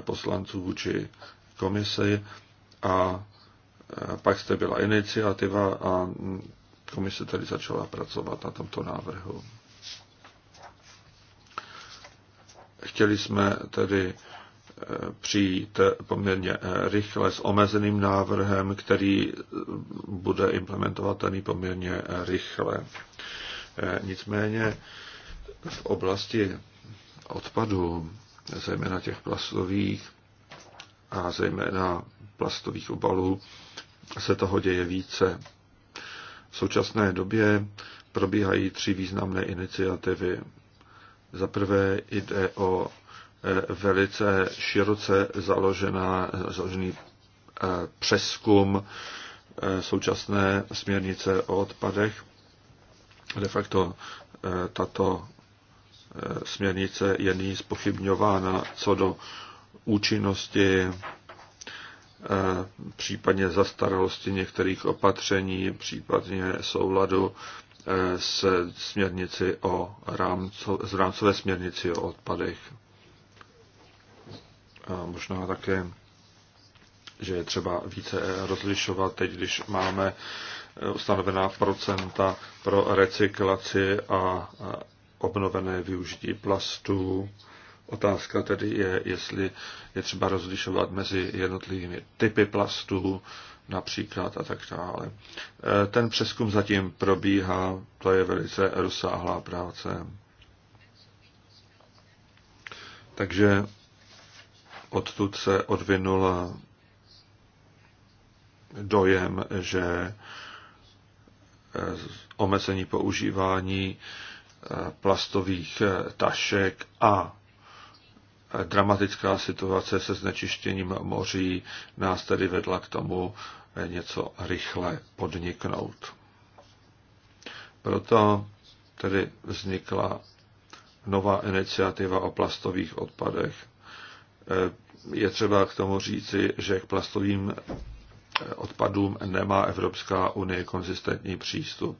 poslanců vůči komisi a pak jste byla iniciativa a komise tedy začala pracovat na tomto návrhu. Chtěli jsme tedy přijít poměrně eh, rychle s omezeným návrhem, který eh, bude implementovatelný poměrně eh, rychle. Nicméně v oblasti odpadů, zejména těch plastových a zejména plastových obalů, se toho děje více. V současné době probíhají tři významné iniciativy. Za prvé jde o velice široce založená, založený eh, přeskum eh, současné směrnice o odpadech. De facto eh, tato směrnice je nyní spochybňována co do účinnosti, případně zastaralosti některých opatření, případně souladu s směrnici o rámco, s rámcové směrnici o odpadech možná také, že je třeba více rozlišovat teď, když máme e, ustanovená procenta pro recyklaci a e, obnovené využití plastů. Otázka tedy je, jestli je třeba rozlišovat mezi jednotlivými typy plastů, například a tak dále. E, ten přeskum zatím probíhá, to je velice rozsáhlá práce. Takže Odtud se odvinul dojem, že eh, omezení používání eh, plastových eh, tašek a dramatická situace se znečištěním moří nás tedy vedla k tomu něco rychle podniknout. Proto tedy vznikla nová iniciativa o plastových odpadech. Eh, je třeba k tomu říci, že k plastovým eh, odpadům nemá Evropská unie konzistentní přístup.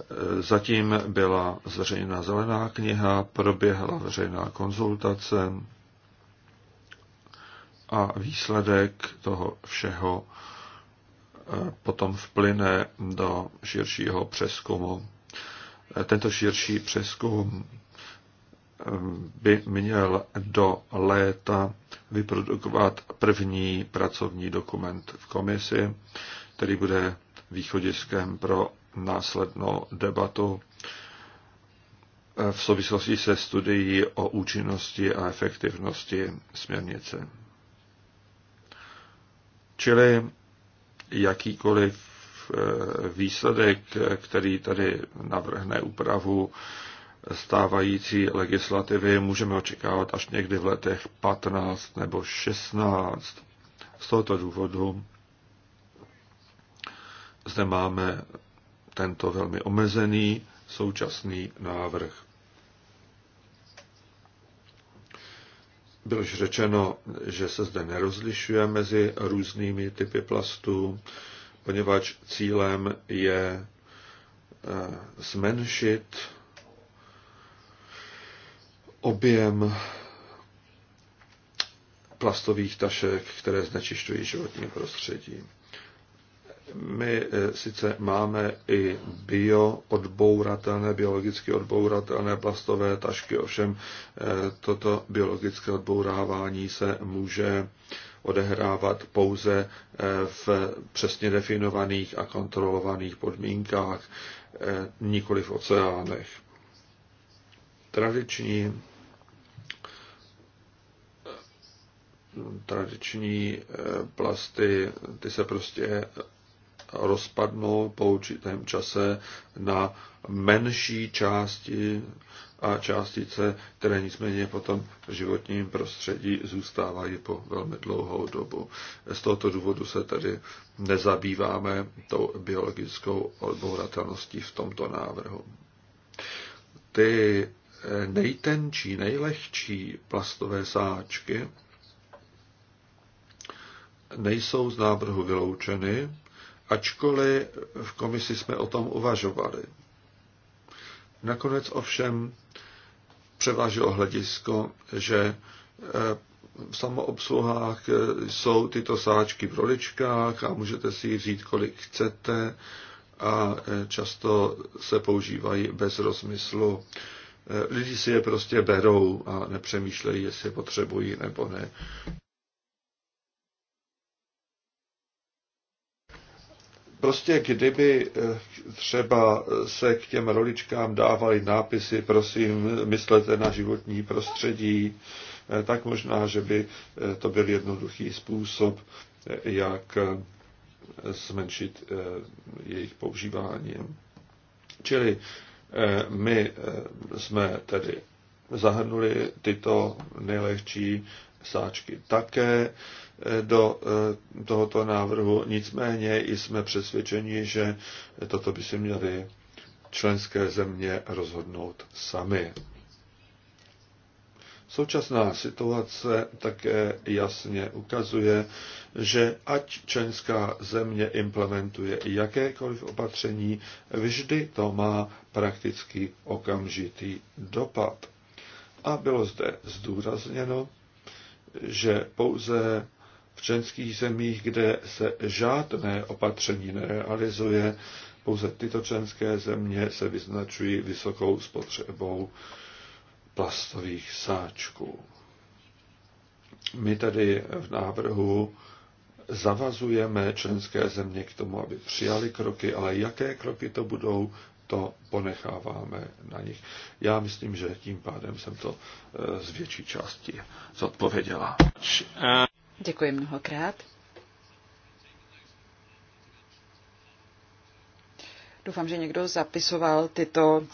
Eh, zatím byla zveřejněna zelená kniha, proběhla veřejná konzultace a výsledek toho všeho potom vplyne do širšího přeskumu. Tento širší přeskum by měl do léta vyprodukovat první pracovní dokument v komisi, který bude východiskem pro následnou debatu v souvislosti se studií o účinnosti a efektivnosti směrnice. Čili jakýkoliv eh, výsledek, který tady navrhne úpravu stávající legislativy můžeme očekávat až někdy v letech 15 nebo 16. Z tohoto důvodu zde máme tento velmi omezený současný návrh. Bylo řečeno, že se zde nerozlišuje mezi různými typy plastů, poněvadž cílem je eh, zmenšit objem plastových tašek, které znečišťují životní prostředí. My eh, sice máme i bio odbouratelné, biologicky odbouratelné plastové tašky, ovšem eh, toto biologické odbourávání se může odehrávat pouze eh, v přesně definovaných a kontrolovaných podmínkách, nikoli v oceánech. Tradiční tradiční eh, plasty, ty se prostě rozpadnou po určitém čase na menší části a částice, které nicméně potom v životním prostředí zůstávají po velmi dlouhou dobu. Z tohoto důvodu se tedy nezabýváme tou biologickou odbouratelností v tomto návrhu. Ty eh, nejtenčí, nejlehčí plastové sáčky nejsou z návrhu vyloučeny, ačkoliv v komisi jsme o tom uvažovali. Nakonec ovšem převážilo hledisko, že e, v samoobsluhách e, jsou tyto sáčky v roličkách a můžete si ji vzít, kolik chcete a e, často se používají bez rozmyslu. Lidi si je prostě berou a nepřemýšlejí, jestli je potřebují nebo ne. Prostě kdyby eh, třeba se k těm roličkám dávaly nápisy, prosím, myslete na životní prostředí, eh, tak možná, že by eh, to byl jednoduchý způsob, jak zmenšit jejich používání. Čili my jsme tedy zahrnuli tyto nejlehčí sáčky také eh, do eh, tohoto návrhu. Nicméně jsme přesvědčeni, že toto by si měly členské země rozhodnout sami. Současná situace také jasně ukazuje, že ať členská země implementuje jakékoliv opatření, vždy to má prakticky okamžitý dopad. A bylo zde zdůrazněno, že pouze v členských zemích, kde se žádné opatření nerealizuje, pouze tyto členské země se vyznačují vysokou spotřebou plastových sáčků. My tedy v návrhu zavazujeme členské země k tomu, aby přijali kroky, ale jaké kroky to budou, to ponecháváme na nich. Já myslím, že tím pádem jsem to eh, z větší části zodpověděla. Děkuji mnohokrát. Doufám, že někdo zapisoval tyto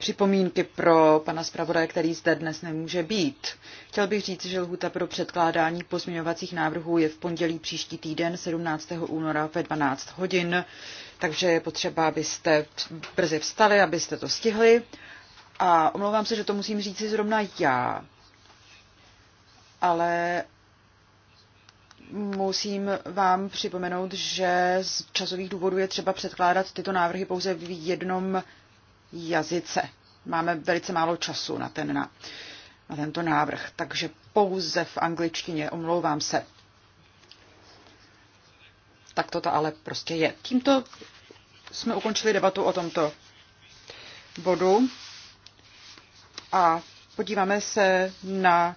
připomínky pro pana zpravodaje, který zde dnes nemůže být. Chtěl bych říct, že lhuta pro předkládání pozměňovacích návrhů je v pondělí příští týden 17. února ve 12 hodin, takže je potřeba, abyste brzy vstali, abyste to stihli. A omlouvám se, že to musím říct si zrovna já, ale musím vám připomenout, že z časových důvodů je třeba předkládat tyto návrhy pouze v jednom jazyce. Máme velice málo času na, ten, na, na tento návrh, takže pouze v angličtině, omlouvám se. Tak to ale prostě je. Tímto jsme ukončili debatu o tomto bodu a podíváme se na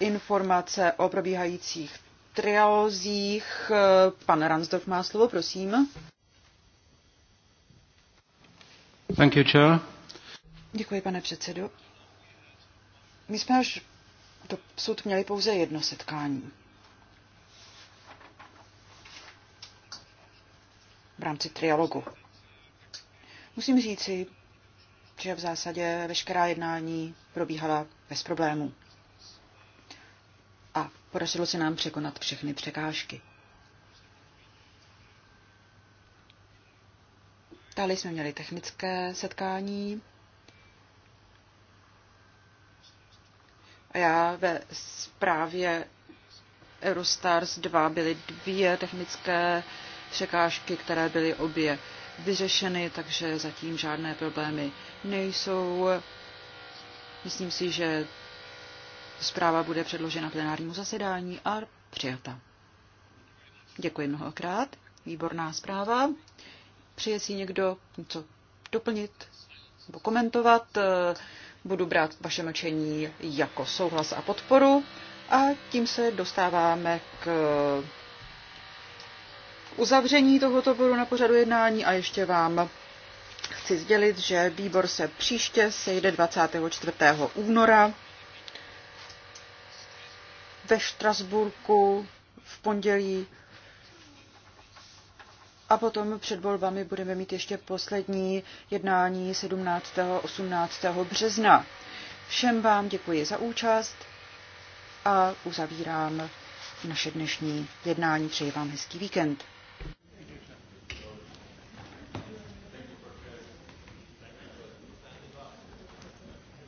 informace o probíhajících trialozích. Pan Ransdorf má slovo, prosím. Thank you, chair. Děkuji, pane předsedo. My jsme až dosud měli pouze jedno setkání. V rámci trialogu. Musím říci, že v zásadě veškerá jednání probíhala bez problémů. A podařilo se nám překonat všechny překážky. Dále jsme měli technické setkání. A já ve zprávě Eurostars 2 byly dvě technické překážky, které byly obě vyřešeny, takže zatím žádné problémy nejsou. Myslím si, že zpráva bude předložena plenárnímu zasedání a přijata. Děkuji mnohokrát. Výborná zpráva. Přeje si někdo něco doplnit nebo komentovat? Budu brát vaše mlčení jako souhlas a podporu. A tím se dostáváme k uzavření tohoto bodu na pořadu jednání a ještě vám chci sdělit, že výbor se příště sejde 24. února ve Štrasburku v pondělí a potom před volbami budeme mít ještě poslední jednání 17. 18. března. Všem vám děkuji za účast a uzavírám naše dnešní jednání. Přeji vám hezký víkend.